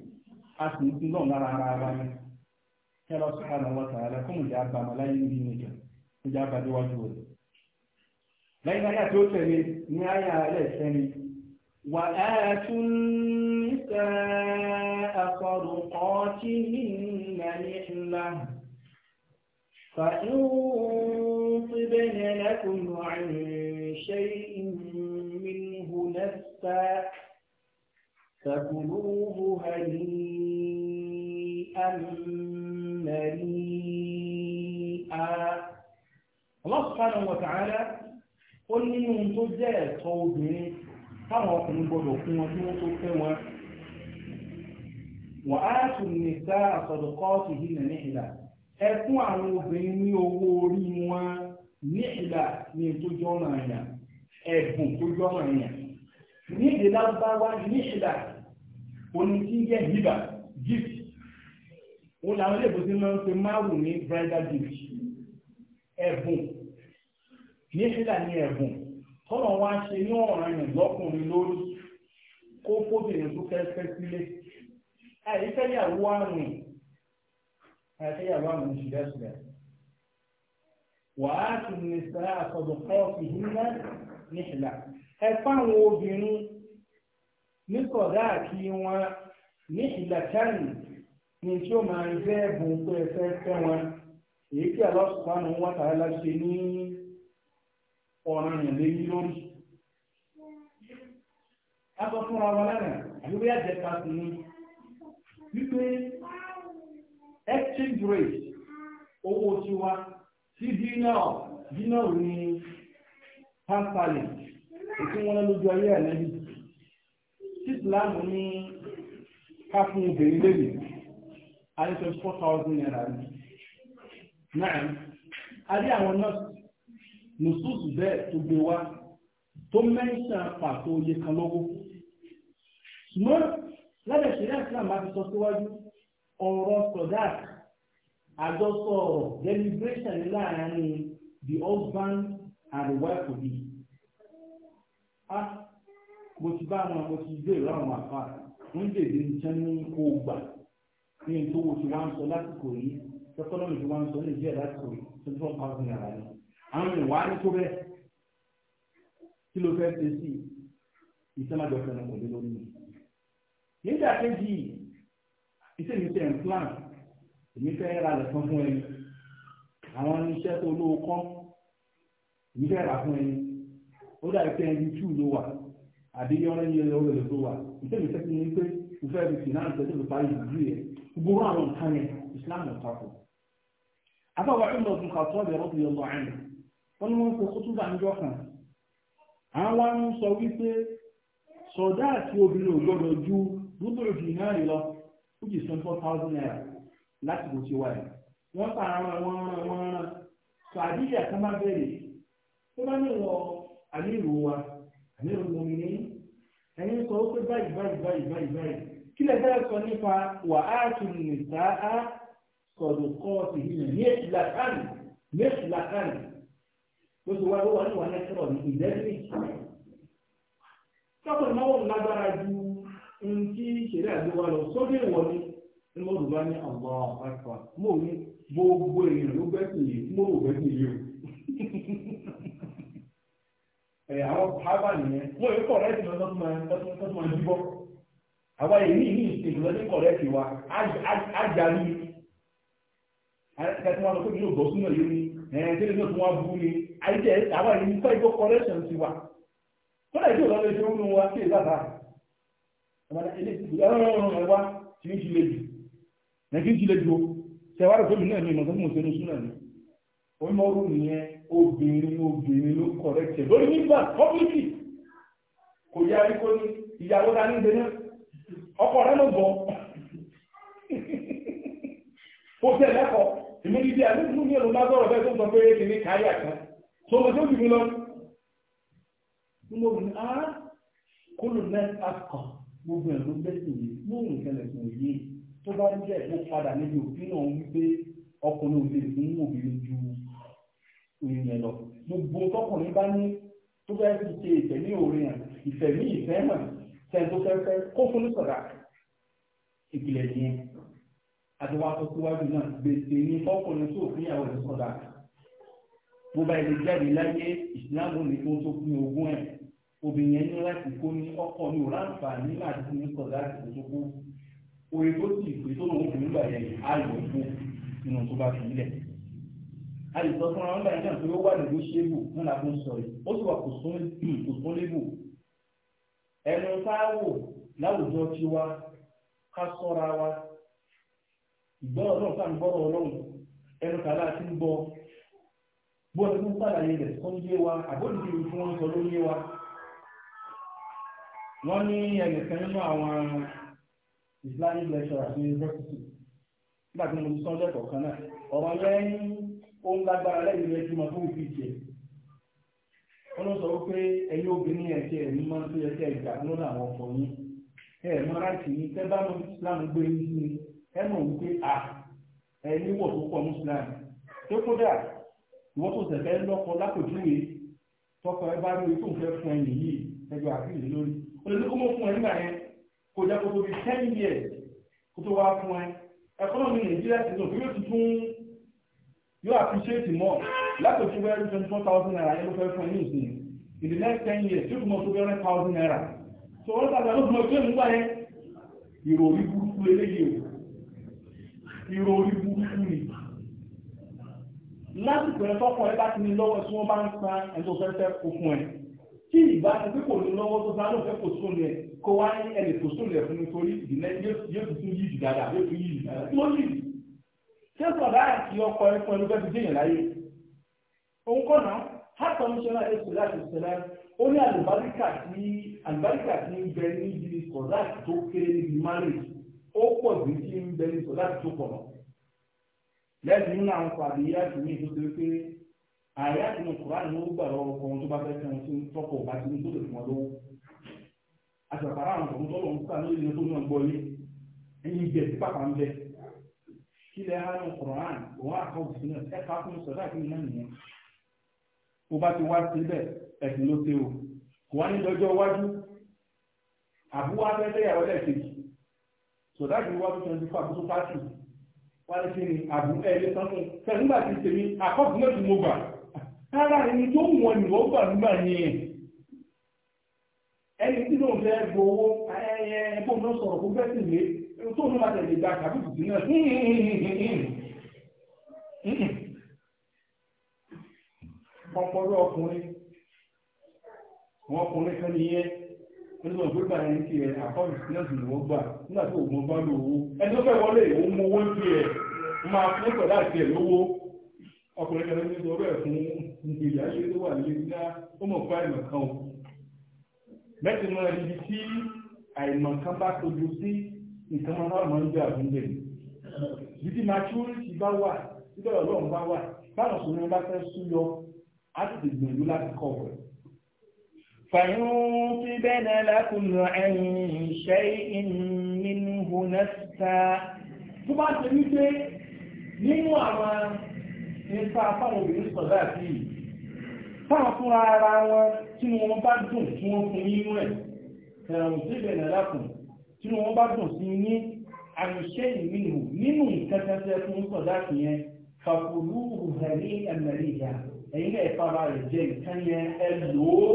a sì ń sin náà lára ara ara rẹ kí Allah subhanahu wa ta'ala kó mọ̀jà àgbàmọ̀ láyé níbi ìmọ̀jà mọ̀jà àgbàdéwájú rẹ̀. lẹ́yìn ayé àti ó tẹ̀lé ní ayé alẹ́ sẹ́ni wà á tún níta àkọrù kan tí nínú ìlà فإن طبن لكم عن شيء منه نفسا فكلوه هنيئا مريئا الله سبحانه وتعالى ó ní ohun tó jẹ́ ẹ̀tọ́ obìnrin táwọn ọkùnrin gbọdọ̀ fún wọn tó fẹ́ wọn àwọn obìnrin ní owó orí wọn ní tó jọ́ ẹ̀bùn tó jọ́ ní èdè lágbàwá ní ìdà oní tí ń jẹ́ hibà gift wọn làwọn ilé ìbòsí máa ń pe márùn ní bridal gift ẹ̀bùn ní ìdà ní ẹ̀bùn tọ́lọ̀ wá ṣe ní ọ̀ràn yẹn lọ́kùnrin lórí kó fóbìnrin tó fẹ́ fẹ́ sílé àìrífẹ́yàwó àrùn àìrífẹ́yàwó àrùn ṣùgbẹ́ṣùgbẹ́ wàá tún ní sáà sọ̀dọ̀ kọ́ọ̀kì húnná níhìlá ẹ fáwọn obìnrin ní kọ̀dá àti wọn ní ìlàjáàní ní tí ó máa ń jẹ́ ẹ̀bùn pé ẹ fẹ́ fẹ́ wọn èyí tí àlọ́sùpánù wọn tààlà ṣe ní ọ̀ràn ìlérí lórí. a sọ fúnra wọn lánàá àbíwí àjẹta sí ni wípé exchange rate owó tiwa sí dínà dínà ní pásítálì ètí wọn lọ lójú ayé ànábì islam ní káfíń obìnrin lèmi ayé twenty four thousand naira ni náà a rí àwọn nọ́ọ̀sì nùsùsù bẹ́ẹ̀ tó gbé wá tó mẹ́ńsàn pàtó iye kan lọ́wọ́ ṣùgbọ́n lábẹ́ ìṣẹ̀lẹ̀ islam bá ti sọ síwájú ọ̀rọ̀ sọ̀dáàt àjọsọ ọ̀rọ̀ deliberation láàárín the husband and the wife to be á ah, mo ti bá wọn mo ti dé ìlànà àfa wọn dèdè nìkan ní kó gbà ní n tó wo ti wá ń sọ lásìkò yìí tẹkọlọmì ti wá ń sọ ní ìdí ẹ lásìkò yìí twenty four thousand naira ni àwọn ìwà á ní tó bẹ́ẹ̀ kí ló fẹ́ ṣe sí ìsẹ́májọ fẹ́ràn kò lé lórí mi. nígbà kejì iṣẹ́ mi ṣe ń plan èmi fẹ́ ra lẹ̀ fún fún ẹni àwọn iṣẹ́ tó lówó kọ́ èmi fẹ́ rà fún ẹni. ó dà pé ẹni tú ló wà àbí yọrin yẹn lọ́wọ́ rẹ̀ ló wà ìtẹ́lẹ̀ sẹ́kùn ní pé ìfẹ́ rẹ̀ fìnnà gbogbo Islam ò tako. àbáwá ìmọ̀ ọdún kan tọ́lẹ̀ ọdún yẹn lọ àná wọ́n ní wọ́n kó kótóbà ń jọ kan àwọn ń sọ wípé àti obìnrin ò ju lọ ó jì sọ four thousand naira láti bó ti pa àmírù wa àmírù omi ẹni sọ ó pé báyìí báyìí báyìí báyìí kí lè fẹ́ sọ nípa wà á tún lè na á sọ̀dọ̀ kọ́ sí mẹ́tìlákàn mẹ́tìlákàn bó ti wá ló wà ní wà ní lágbára ju ohun tí ìṣẹ̀lẹ̀ lọ sódì ní mo rò bá ní mo ní gbogbo èèyàn ló gbẹ́sìn yìí mo rò gbẹ́sìn yìí o. àwọn harvard nìyẹn wọ́n yóò kọ̀rẹ́tì lọ tọ́tún máa jíbọ́ àwọn èyí ní ìṣègùn lọ́dún kọ̀rẹ́tì wa ájàlú ẹ̀ẹ́dẹ́gbẹ̀rún wọn lọ pé mi ò gbọ́ sínú èyí ni ẹ̀ẹ́dẹ́gbẹ̀rún náà tún wá bú mi àìjẹ́ àwọn èyí fẹ́ ìgbọ́ correction sí wa kọ́lá ìdí òlọ́lọ́ ìṣe ń wa sí ìlànà ẹ̀wá tí ń jilé jù nàìjíríà jilé jù ṣẹ̀wá rẹ̀ tó lù náà ní ìmọ̀ tó mú òṣèlú sún náà ní onímọ̀ ọrùn nìyẹn obìnrin obìnrin ló kọ̀rẹ́kẹ̀ lórí nígbà publicly kò yá rí kó ní ìyàwó ta ní ìgbẹ́ náà ọkọ rẹ ló bọ̀ ó tẹ̀ lẹ́kọ̀ọ́ ìmúdídé àdúgbò ní ẹ̀rọ bá sọ̀rọ̀ bẹ́ẹ̀ tó sọ pé kìíní káyà kan tó lọ tó bìbí lọ mo rìn á ah, kó lò náà akọ gbogbo ẹ̀ ló gbẹ́sìn yìí mo rìn kẹlẹ̀ kò yé tó bá ń jẹ́ ìfún padà níbi òfin náà wípé ọkùnrin òfin ìrìnà lọ gbogbo tọkùnrin bá ní tó fẹ́ fi ṣe ìfẹ́ ní òrin hàn ìfẹ́ ní ìfẹ́ mọ̀ tẹ́ni tó fẹ́ fẹ́ kó fún ní sọ̀dà ìpìlẹ̀ nìyẹn àti wọn aṣọ síwájú náà gbèsè ní fọkùnrin tó fi ìyàwó rẹ̀ sọ̀dà bó bá ilé jáde láyé ìsìláàmù ní tó tó fún ogún ẹ̀ obìnrin yẹn ní láti kó ní ọkọ ní òun láǹfààní láti fún ní sọ̀dà àti ìdókòwò òye tó sì ìpè tó lòun kò ní gbà yẹn ayò fún inú tó bá fi ilẹ̀ àìsàn fún ara nígbà náà pé ó wà nínú ṣébù náà la fi ń sọ yìí ó sì wà kò sún lébù ẹnu táwò láwùjọ tí wa ká sọ́ra wa ìgbọ́rọ̀ náà sáà ń gbọ́rọ̀ ọlọ́run ẹnu kàlá ti ń bọ bó ẹni ń sàlàyé rẹ̀ tó ń yé wa àbójútó ìlú tí wọ́n ń sọ ló ń yé wa wọ́n ní ẹnìkan nínú àwọn Islamic lecturer ní university nígbà tí mo ti sọ lẹ́kọ̀ọ́ kan náà ọ̀rọ̀ yẹn ó ń lágbára lẹ́yìn rẹ̀ jùmọ̀ tó ń fi jẹ wọ́n lọ sọ pé ẹ̀yin obìnrin ẹ̀jẹ̀ ẹ̀mí máa ń tó yẹ kẹ́ ẹ̀ gbà lọ́nà àwọn ọkọ yín ẹ̀ mọ aláìsí yín tẹ́ bá mọ Islam gbé yín sí ẹ mọ̀ wípé à ẹ níwọ̀ tó pọ̀ ní Islam tó kódà ìwọ́n tó tẹ̀fẹ́ lọ́kọ lápòjúwe tọkọ ẹ bá rí orí tó ń fẹ́ fún ẹ̀yìn yìí ẹgbẹ́ àfihàn lórí ó lè kó mọ́ fún ẹ nígbà yẹn kò já kó tó fi ten years kó tó wá fún ẹ ẹ̀kọ́ náà ní Nàìjíríà ti sọ pé yóò ti You appreciate more látòjú wẹ́rẹ́ twenty four thousand naira yẹn ló fẹ́ fún yín ìsìn in the next ten years yóò fún ọ tó bẹ́rẹ̀ thousand naira so wọ́n tàbí àwọn ọmọ ìgbẹ́ nígbà yẹn ìròrí burúkú eléyìí o ìròrí burúkú ni lásìkò ẹ̀ tọ́kọ̀ ẹ bá ti ní lọ́wọ́ tí wọ́n bá ń san ẹ̀tọ́ fẹ́fẹ́ òkun ẹ̀ tí ìgbà tí kò ní lọ́wọ́ tó bá lóun fẹ́ kò sún lẹ̀ kó wá ní ẹnì kò sún lẹ̀ fún nítorí ìdílé yóò tún yí ìdí yóò tún yí ìdí tí wọ́n yí ìdí ṣé sọ̀dá àti ọkọ̀ ẹ̀fọn ẹ̀lú bẹ́ẹ̀ ti dèèyàn láyé òun kọ́ náà hàtọ̀ ń ṣẹlá ẹ̀sùn láti ṣẹlá ó ní àlùbáríkà tí àlùbáríkà tí ń bẹ níbi sọ̀dá tó kéré níbi marriage ó pọ̀ ju tí ń bẹ ní sọ̀dá tó pọ̀ lọ. lẹ́yìn nínú àwọn pàdé yá sí ní ìdókòwò pé ààrẹ àti ní kùrán ní ó gbà lọ́wọ́ kan tó bá fẹ́ fẹ́ wọn tó ń tọ́kọ̀ bá ti ní tó lè fún wọn lọ́wọ́. àṣàpàrà àwọn tọ̀hún tọ́lọ̀ ń kílẹ̀ hánú Qur'an òun àkọ́wò sínú ẹ̀ ká fún sọ̀dá kí n náà O ó bá ti wá síbẹ̀ ẹ̀sìn ló ṣe o kò wá ní lọ́jọ́ iwájú àbúwá abẹ́lé ìyàwó lẹ́ẹ̀kejì sọ̀dá kí wá tún twenty four àbúrò pàṣẹ wá ní kí ni àbú ẹ̀ lé sọ́kùn fẹ́ nígbà tí tèmi àkọ́kù náà ti mo gbà rárá ẹni tó wọ̀n ni wọ́n gbà nígbà yẹn ẹni tí lóun fẹ́ gbowó ẹ̀ ẹ̀ bóun náà sọ̀rọ̀ kó fẹ́ sì lé tó ń máa tẹ̀lé gba kàbí kùtù náà ọpọlọ ọkùnrin wọn ọkùnrin kan ní yẹn onímọ̀ tó gbà ẹni tí ẹ àkọ́bì náà sì lọ́wọ́ gbà nígbà tí òun bá lò owó ẹni tó fẹ́ wọlé òun mọ owó ń fi máa fún ẹ̀kọ́ láti ẹ̀ lówó ọkùnrin kan ní sọ bẹ́ẹ̀ fún ìgbèlè ayé tó wà nílé ní ó mọ̀ fún àìmọ̀ kan o mẹ́tìmọ̀ ibi tí àìmọ̀ kan bá tojú sí nǹkan máa máa ń jẹ́ àbúndé ìdí maturity bá wà nígbà ọlọ́run bá wà báwọn ọkùnrin bá fẹ́ súyọ á ti gbìyànjú láti kọ̀ wẹ̀. فينقبن لكم عن شيء منه نفسا tó bá ṣe wípé nínú àwọn nípa fáwọn obìnrin sọ̀dá àti fáwọn fún ara wọn tí wọ́n bá dùn tí wọ́n fún nínú ẹ̀ fẹ̀rùn síbẹ̀ nàlákùn tí wọ́n bá dùn sí ní àìṣe ìmìnú nínú ìkẹtẹsẹ fún sọ̀dáàkì yẹn fàkùlù hẹ̀rí ẹ̀mẹ̀rí ìyá ẹ̀yìn náà ìfara rẹ̀ jẹ́ ìkan yẹn ẹ lò ó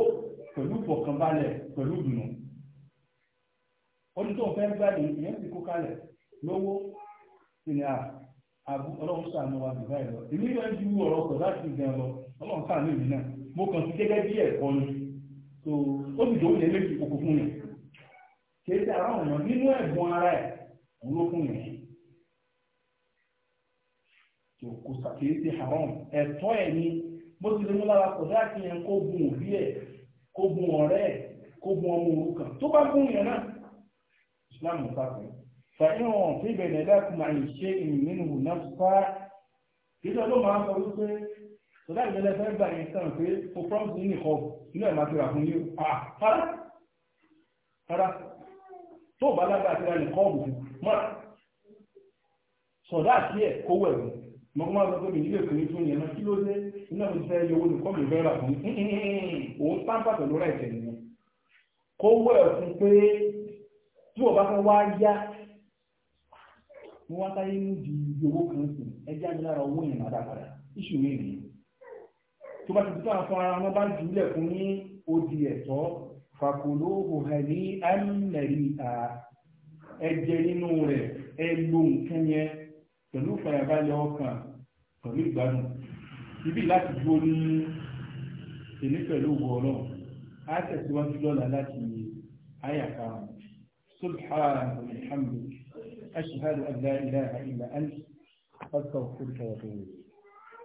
pẹ̀lú ìfọ̀kànbalẹ̀ pẹ̀lú dùnú. oní tó ń fẹ́ gbàdé ìyẹn ti kó kalẹ̀ lówó ìyá ọlọ́run sàánú wa bìbá ẹ̀ èmi yóò ju ọ̀rọ̀ sọ̀dáàkì gan lọ ọlọ́run sàánú mi mo kàn sí gẹ́gẹ́ bí ẹ̀kọ́ ni ó sì dòwó lẹ́lẹ́kì kókó kìí ṣe àwọn èèyàn nínú ẹ̀gbọ́n ara ẹ̀ òun ló fún yẹn tó kò kìí ṣe haram ẹ̀tọ́ ẹ̀ ni bó ti lè mú lára kò dáa kí yẹn kó gun òbí ẹ̀ kó gun ọ̀rẹ́ ẹ̀ kó gun ọmọ òrukàn tó bá gun yẹn náà Islam ò sáfẹ́ fàyẹ̀wò tí ìbẹ̀rẹ̀ dákùn máa ń ṣe ìrìnnínú náà fà kìí ṣe ọdún máa ń sọ wípé sọdá ìjọba ẹgbẹ́ gbà yẹn sàn pé o promise nínú ìkọ inú ẹ̀ máa ti rà fún yín ah rárá rárá tó bá lágbà tí wọ́n lè kọ́ ọ̀bùn mọ́ sọ̀dá sí ẹ̀ kówó ẹ̀rù mọ́kànlá sọ pé mi nílé ìpínlẹ̀ fún yẹn náà kí ló dé iná mi fẹ́ yọ owó nìkan mi fẹ́ rà fún òun sáńpà pẹ̀lú rẹ̀ ẹ̀jẹ̀ nìyẹn kówó ẹ̀ fún pé tí wọ́n bá fẹ́ wá yá wọ́n wá táyé ní di owó kan sí ẹjá mi lára fàkùlóhù hàní àmìlẹ̀rí à ẹjẹ nínú rẹ̀ ẹgbó nǹkan yẹn pẹ̀lú fàyàbalẹ̀ ọkàn pẹ̀lú ìgbádùn ibi láti dúró ní èmi pẹ̀lú òwò ọlọ́run á tẹ̀síwájú lọ́la láti àyà karùn-ún subhanahu wa ta'ala ilaha illa anta astaghfiruka wa atubu